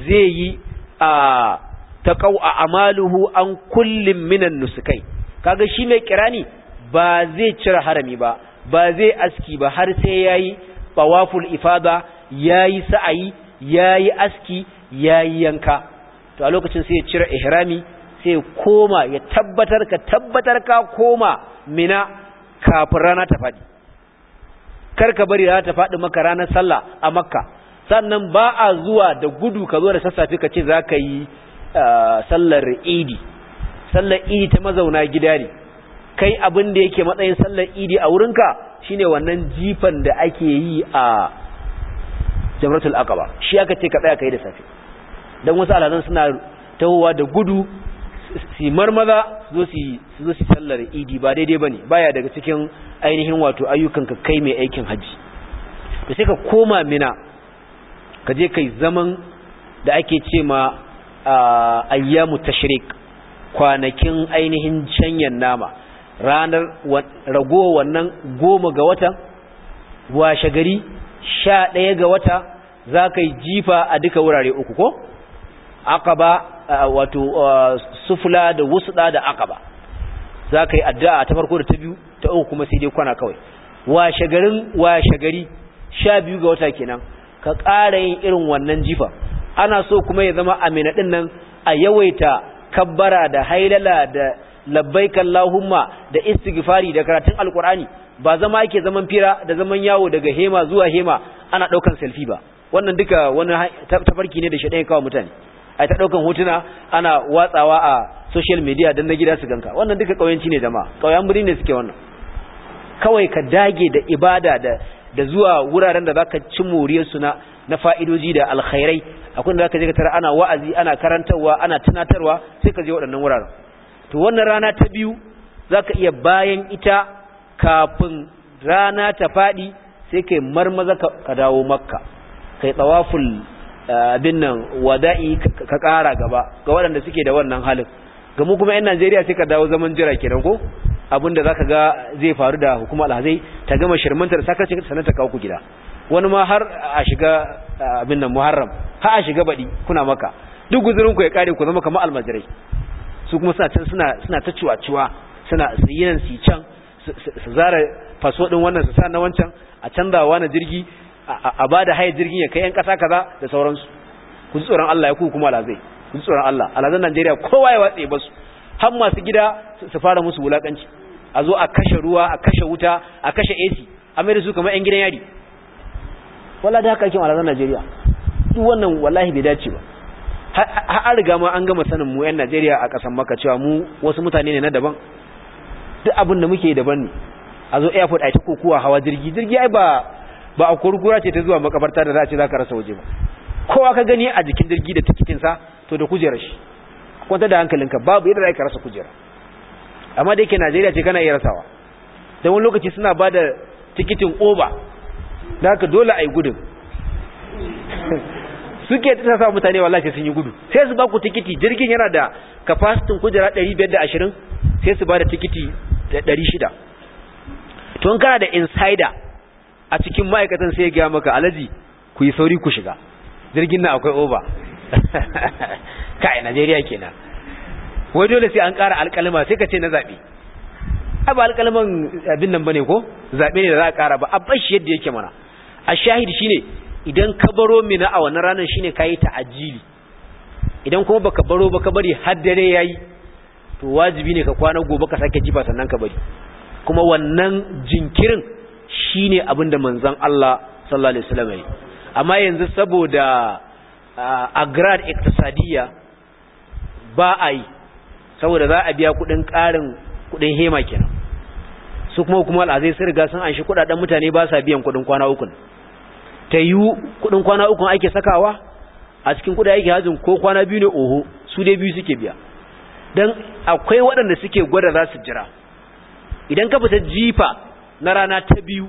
zai yi a taƙau a amaluhu an kullum minan nusukai kaga shi mai kirani ba zai cire harami ba ba zai aski ba har sai ya yayi tawaful ifada yayi sa'ayi yi aski ya yi yanka to a lokacin sai ya cire ihrami sai koma ya tabbatar ka tabbatar ka koma mina kafin rana ta faɗi. kar ka bari rana ta faɗi maka ranar sallah a makka sannan ba a zuwa da gudu ka zo da sassafe ka ce za ka yi ah, sallar idi sallar idi ta mazauna gida ne kai abin da yake matsayin sallar idi a wurinka shine wannan jifan da ake yi a jamratul aqaba shi aka ce ka tsaya ka yi da safe dan wasu alhazan suna tahowa da gudu su marmaza su zo su sallar idi ba daidai ba ne baya daga cikin ainihin wato ayyukan ka kai mai aikin hajji da sai ka koma mina ka je kai zaman da ake ce ma ayyamu tashrik kwanakin ainihin canyan nama ranar ragowa wannan goma ga watan? washe gari sha ɗaya ga wata za ka yi jifa a duka wurare uku ko akaba wato sufula da wusda da akaba za ka yi addu'a ta farko da ta biyu ta uku kuma sai dai kwana kawai washe shagarin? washe shagari? sha biyu ga wata kenan ka ƙara yin irin wannan jifa ana so kuma ya zama amina ɗin nan a yawaita kabbara da hailala da labbaik humma da istighfari da karatun alkur'ani ba zama yake zaman fira da zaman yawo daga hema zuwa hema ana ɗaukan selfie ba wannan duka wani tafarki ne da shaɗan ya kawo mutane ai ta daukan hotuna ana watsawa a social media dan na gida su ganka wannan duka kauyanci ne jama'a kauyan birni ne suke wannan kawai ka dage da ibada da da zuwa wuraren da zaka ci moriyar su na na fa'idoji da alkhairai akwai da zaka je ka tara ana wa'azi ana karantarwa ana tunatarwa sai ka je waɗannan wuraren to wannan rana ta biyu zaka iya bayan ita kafin rana ta fadi sai kai marmaza ka dawo makka kai tawaful abin nan wada'i ka kara gaba ga waɗanda suke da wannan halin ga mu kuma 'yan najeriya sai ka dawo zaman jira kenan ko abin da za ka ga zai faru da hukumar alhazai ta gama shirmantar sakarci sanar ta kawo ku gida wani ma har a shiga abin nan muharram har a shiga baɗi kuna maka duk guzurin ku ya kare ku zama kamar almajirai su kuma suna can suna ta ciwa-ciwa suna su yi nan su can su zara faso ɗin wannan su sa na wancan a canzawa na jirgi a ba da haye jirgin ya kai yan kasa kaza da sauransu ku ji tsoron Allah ya ku kuma alazai ku ji tsoron Allah alazan Najeriya kowa ya watse ba su har masu gida su fara musu wulakanci a zo a kashe ruwa a kashe wuta a kashe AC a mai da su kamar yan gidan yari wala da haka kin alazan Najeriya duk wannan wallahi bai dace ba har riga ma an gama sanin mu yan Najeriya a kasan maka cewa mu wasu mutane ne na daban duk abin da muke daban ne a zo airport ai ta kokowa hawa jirgi jirgi ai ba ba a kurkura ce ta zuwa makabarta da za a ce za ka rasa waje ba kowa ka gani a jikin jirgi da tikitinsa to da kujera shi kwanta da hankalinka babu yadda za ka rasa kujera amma da yake najeriya ce kana iya rasawa don wani lokaci suna ba da tikitin oba da haka dole a yi gudun suke ta sa mutane wallahi sun yi gudu sai su ba ku tikiti jirgin yana da kafasitin kujera biyar 520 sai su ba da tikiti 600 to kana da insider a cikin ma'aikatan sai ya gaya maka alaji ku yi sauri ku shiga jirgin nan akwai oba kai najeriya kenan wai dole sai an kara alkalima sai ka ce na zaɓe a ba alkaliman abin nan ba ne ko zaɓe ne da za a ƙara ba a bashi yadda yake mana a shahidi shine idan ka baro mina a wannan ranar shine kayi ta'ajili idan kuma baka baro ba ka bari har dare yayi to wajibi ne ka kwana gobe ka sake jifa sannan ka bari kuma wannan jinkirin shine abin da manzon Allah sallallahu alaihi wasallam yi amma yanzu saboda a grad iktisadiyya ba a yi saboda za a biya kudin karin kudin hema kenan su kuma kuma al'azai sun riga sun anshi kudaden mutane ba sa biyan kudin kwana uku ta yi kudin kwana uku ake sakawa a cikin kudin ake hajin ko kwana biyu ne oho su dai biyu suke biya don akwai waɗanda suke gwada za su jira idan ka fita jifa na rana ta biyu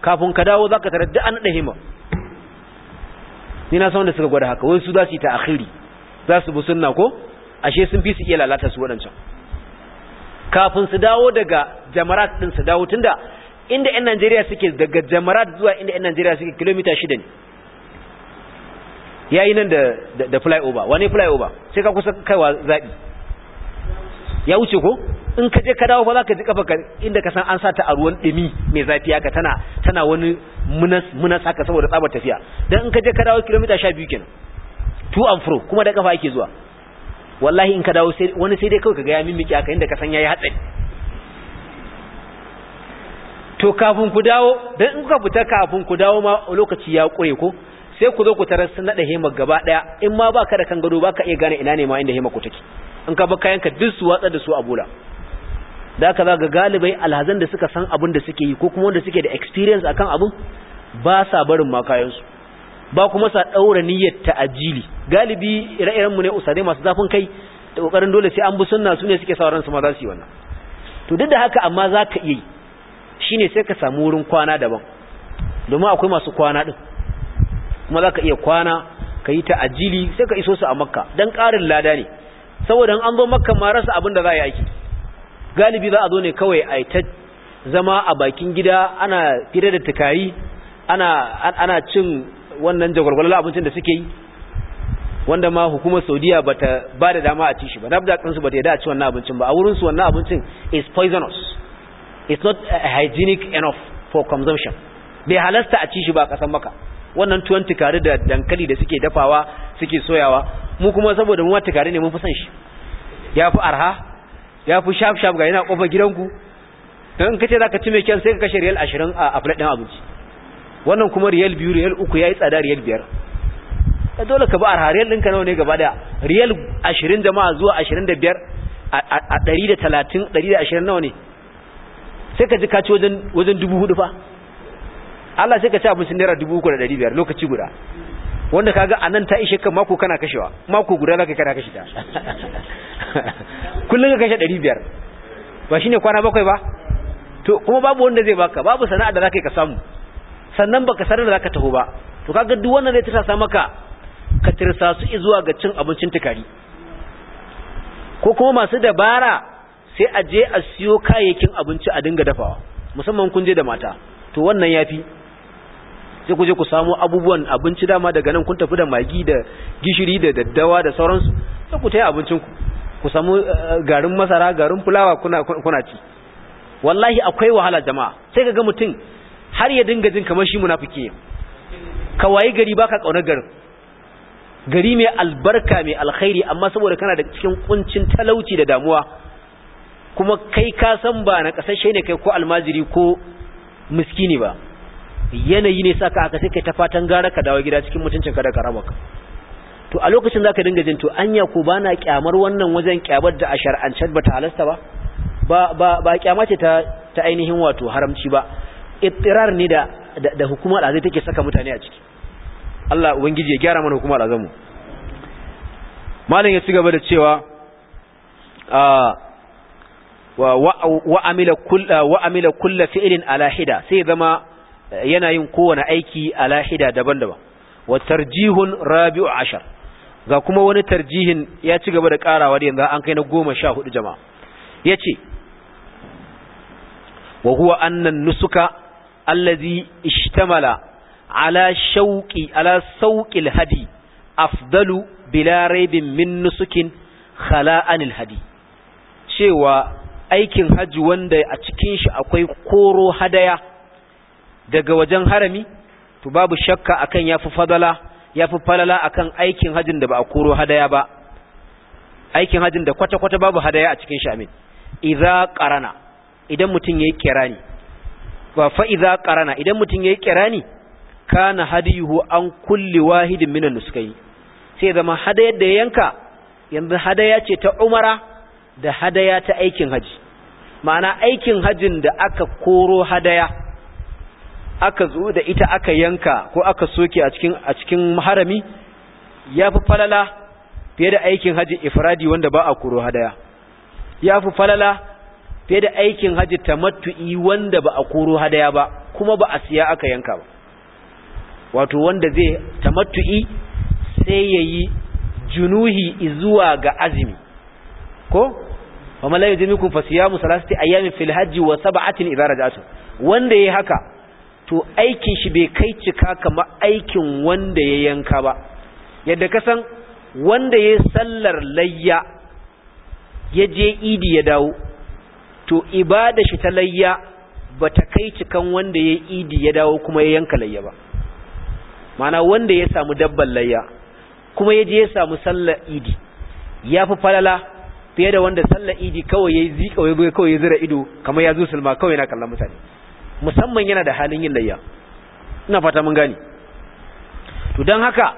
kafin ka dawo zaka tarar da an da hima ni na san da suka gwada haka wai su za su yi ta akhiri za su bi sunna ko ashe sun fi su iya lalata su waɗancan kafin su dawo daga jamarat din su dawo tunda inda yan Najeriya suke daga jamarat zuwa inda yan Najeriya suke kilomita shida ne yayi nan da da flyover wani flyover sai ka kusa kaiwa zabi ya wuce ko in ka je ka dawo ba za ka ji kafa ka inda ka san an sa ta a ruwan dumi mai zafi haka tana tana wani munas munas haka saboda tsabar tafiya dan in ka je ka dawo kilomita 12 kenan to and fro kuma da kafa yake zuwa wallahi in ka dawo sai wani sai dai kawai kaga ya mimmiki haka inda ka san yayi hatsari to kafin ku dawo dan in ku fita kafin ku dawo ma lokaci ya kure ko sai ku zo ku tarar sun nada hema gaba daya in ma baka da kan gado baka iya gane ina ne ma inda hema ku take in ka bar kayanka duk su watsa da su a bola da aka ga galibai alhazan da suka san abin da suke yi ko kuma wanda suke da experience akan abin ba sa barin makayansu ba kuma sa daura niyyar ta'ajili galibi ire-iren mu ne usare masu zafin kai da kokarin dole sai an bi sunna su ne suke sa ransu ma za su yi wannan to duk da haka amma za ka iya yi shine sai ka samu wurin kwana daban domin akwai masu kwana din kuma za ka iya kwana ka yi ta'ajili sai ka iso su a makka dan karin lada ne saboda an zo makka ma rasa abin da za a yi aiki galibi za a zo ne kawai a ta zama a bakin gida ana fira da tukari ana cin wannan jagwalgwalar abincin da suke yi wanda ma hukumar saudiya ba ta ba da dama a ci shi ba na ɗinsu ba ta yada a ci wannan abincin ba a wurinsu wannan abincin is poisonous it's not hygienic enough for consumption bai halasta a ci shi ba a ƙasar maka wannan tuwon tukari da dankali da suke dafawa suke soyawa mu kuma saboda mu tukari ne mun fi son shi ya fi arha ya fi shaf shaf ga yana kofar gidanku don kace za ka ci mai kyan sai ka kashe riyal ashirin a plate abinci wannan kuma riyal biyu riyal uku ya yi tsada riyal biyar. ya dole ka ba a riyal ɗinka nawa ne gaba da riyal ashirin jama'a zuwa ashirin da biyar. a da talatin da ashirin nawa ne sai ka ji ka ci wajen dubu hudu fa Allah sai ka ci abincin naira biyar lokaci guda wanda kaga anan ta ishe kan mako kana kashewa mako guda zaka kana kashe ta kullum ka kashe ɗari biyar ba shi ne kwana bakwai ba to kuma babu wanda zai baka babu sana'a da za ka ka samu sannan baka sanar da za ka taho ba to kaga duk wannan zai tasa maka ka tirsa su zuwa ga cin abincin tukari ko kuma masu dabara sai a je a siyo kayayyakin abinci a dinga dafawa musamman kun je da mata to wannan yafi sai ku je ku samo abubuwan abinci dama daga nan kun tafi da magi da gishiri da daddawa da sauransu sai ku abincin abincinku ku samu eh, garin masara garin fulawa kuna ci wallahi akwai wahala jama'a sai kaga mutum har ya dinga jin kamar shi munafiki ka wayi gari baka kaunar garin gari mai albarka mai alkhairi amma saboda kana da cikin kuncin talauci da damuwa kuma kai ka san ba na kasashe ne kai ko almajiri ko miskini ba yanayi ne saka aka sai kai ta fatan gara ka dawo gida cikin mutuncin ka da karamaka to a lokacin zaka dinga jin to anya ko bana kyamar wannan wajen kyabar da a shar'ance ba ta halasta ba ba ba, kyama ce ta ta ainihin wato haramci ba ittirar ne da da, da zai take saka mutane a ciki Allah ubangiji ya gyara mana hukumar azamu malam ya ci gaba da cewa a kulla ala alahida sai zama yana yin kowane aiki alahida daban-daban wa tarjihun rabi'u ashar ga kuma wani tarjihin ya ci gaba da karawa da yanzu an kai na goma sha hudu jama'a ya ce wa huwa annan nusuka allazi ishtamala ala shauqi ala sauqil hadi afdalu bila raibin min nusukin khala'anil hadi cewa aikin haji wanda a cikin shi akwai koro hadaya daga wajen harami to babu shakka akan yafi fadala ya fi falala akan aikin hajjin da ba a koro hadaya ba aikin hajjin da kwata-kwata babu hadaya a cikin shamin Iza karana idan mutum ya yi kirani ba fa iza karana idan mutum ya yayi kirani kana hadihu an kulli wahidin minan yi. sai zama hadayar da yanka yanzu hadaya ce ta umara da hadaya ta aikin haji ma'ana aikin hajin da aka koro hadaya aka zo da ita aka yanka ko aka soke a cikin a cikin harami yafi falala fiye da aikin haji ifradi wanda ba a koro hadaya yafi falala fiye da aikin haji tamattu'i wanda ba a koro hadaya ba kuma ba a siya aka yanka ba wato wanda zai tamattu'i sai yayi junuhi zuwa ga azumi ko wa malayu jamikum fasiyamu salasati ayami fil hajji wa sab'atin idza raja'tum wanda yayi haka to aikin shi bai kai cika kama aikin wanda ya yanka ba yadda ka san wanda ya sallar layya ya je idi ya dawo to ibada shi ta layya ba ta kai cikan wanda ya idi ya dawo kuma ya yanka layya ba mana wanda ya samu dabban layya kuma ya je ya samu sallar idi ya fi falala fiye da wanda sallar idi kawai ya yi zira ido kamar ya zo sulma kawai na kallon mutane musamman yana da halin yin layya ina fata mun gani to don haka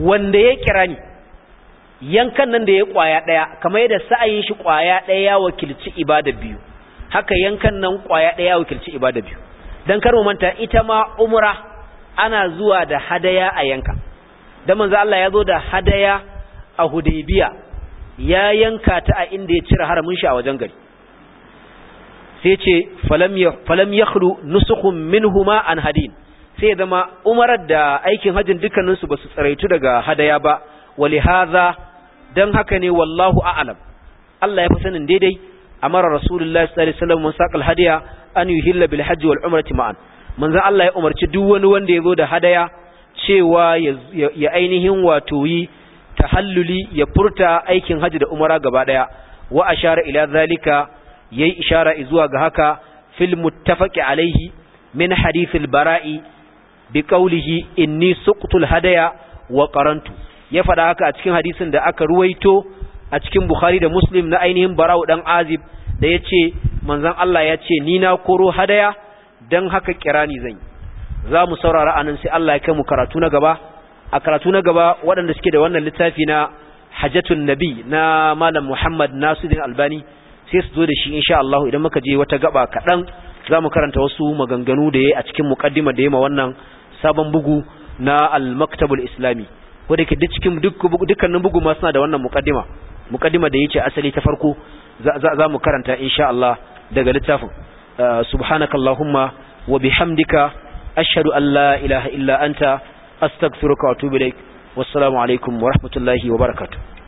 wanda ya kira ni yankan nan da ya kwaya daya kamar yadda sa'ayin shi kwaya daya ya wakilci ibada biyu haka yankan nan kwaya daya ya wakilci ibada biyu dan kar mu manta ita ma umra ana zuwa da hadaya a yanka dan manzo Allah ya zo da hadaya a Hudaybiya ya yanka ta a inda ya cire haramin shi a wajen gari sai ce falam yakhlu nusukhun minhuma an hadin sai ya zama umarar da aikin hajjin dukkaninsu ba su tsaraitu daga hadaya ba wali haza don haka ne wallahu a'alam Allah ya fi sanin daidai amara rasulullahi sallallahu alaihi wasallam saqal hadiya an yuhilla bil hajji wal umrati ma'an manzo Allah ya umarci duk wani wanda ya zo da hadaya cewa ya ainihin wato yi tahalluli ya furta aikin hajji da umara gaba daya wa ashara ila zalika yayi ishara zuwa ga haka fil muttafaqi alaihi min hadith al bara'i bi qawlihi inni suqtul hadaya wa qarantu ya faɗa haka a cikin hadisin da aka ruwaito a cikin Bukhari da Muslim na ainihin Bara'u dan Azib da yace manzon Allah ya ce ni na koro hadaya dan haka kirani zan za mu saurara anan sai Allah ya kai mu karatu na gaba a karatu na gaba waɗanda suke da wannan littafi na Hajjatun Nabi na Malam Muhammad din Albani sai su zo da shi insha Allah idan muka je wata gaba kaɗan za mu karanta wasu maganganu da ya a cikin muƙaddima da ya ma wannan sabon bugu na al-maktabul islami da ke cikin dukkanin bugu ma suna da wannan muƙaddima muƙaddima da yace asali ta farko za mu karanta insha Allah daga littafin ah, subhanakallahumma wa bihamdika ashhadu an la ilaha illa anta astaghfiruka wa atubu ilaik wassalamu alaikum wa rahmatullahi wa barakatuh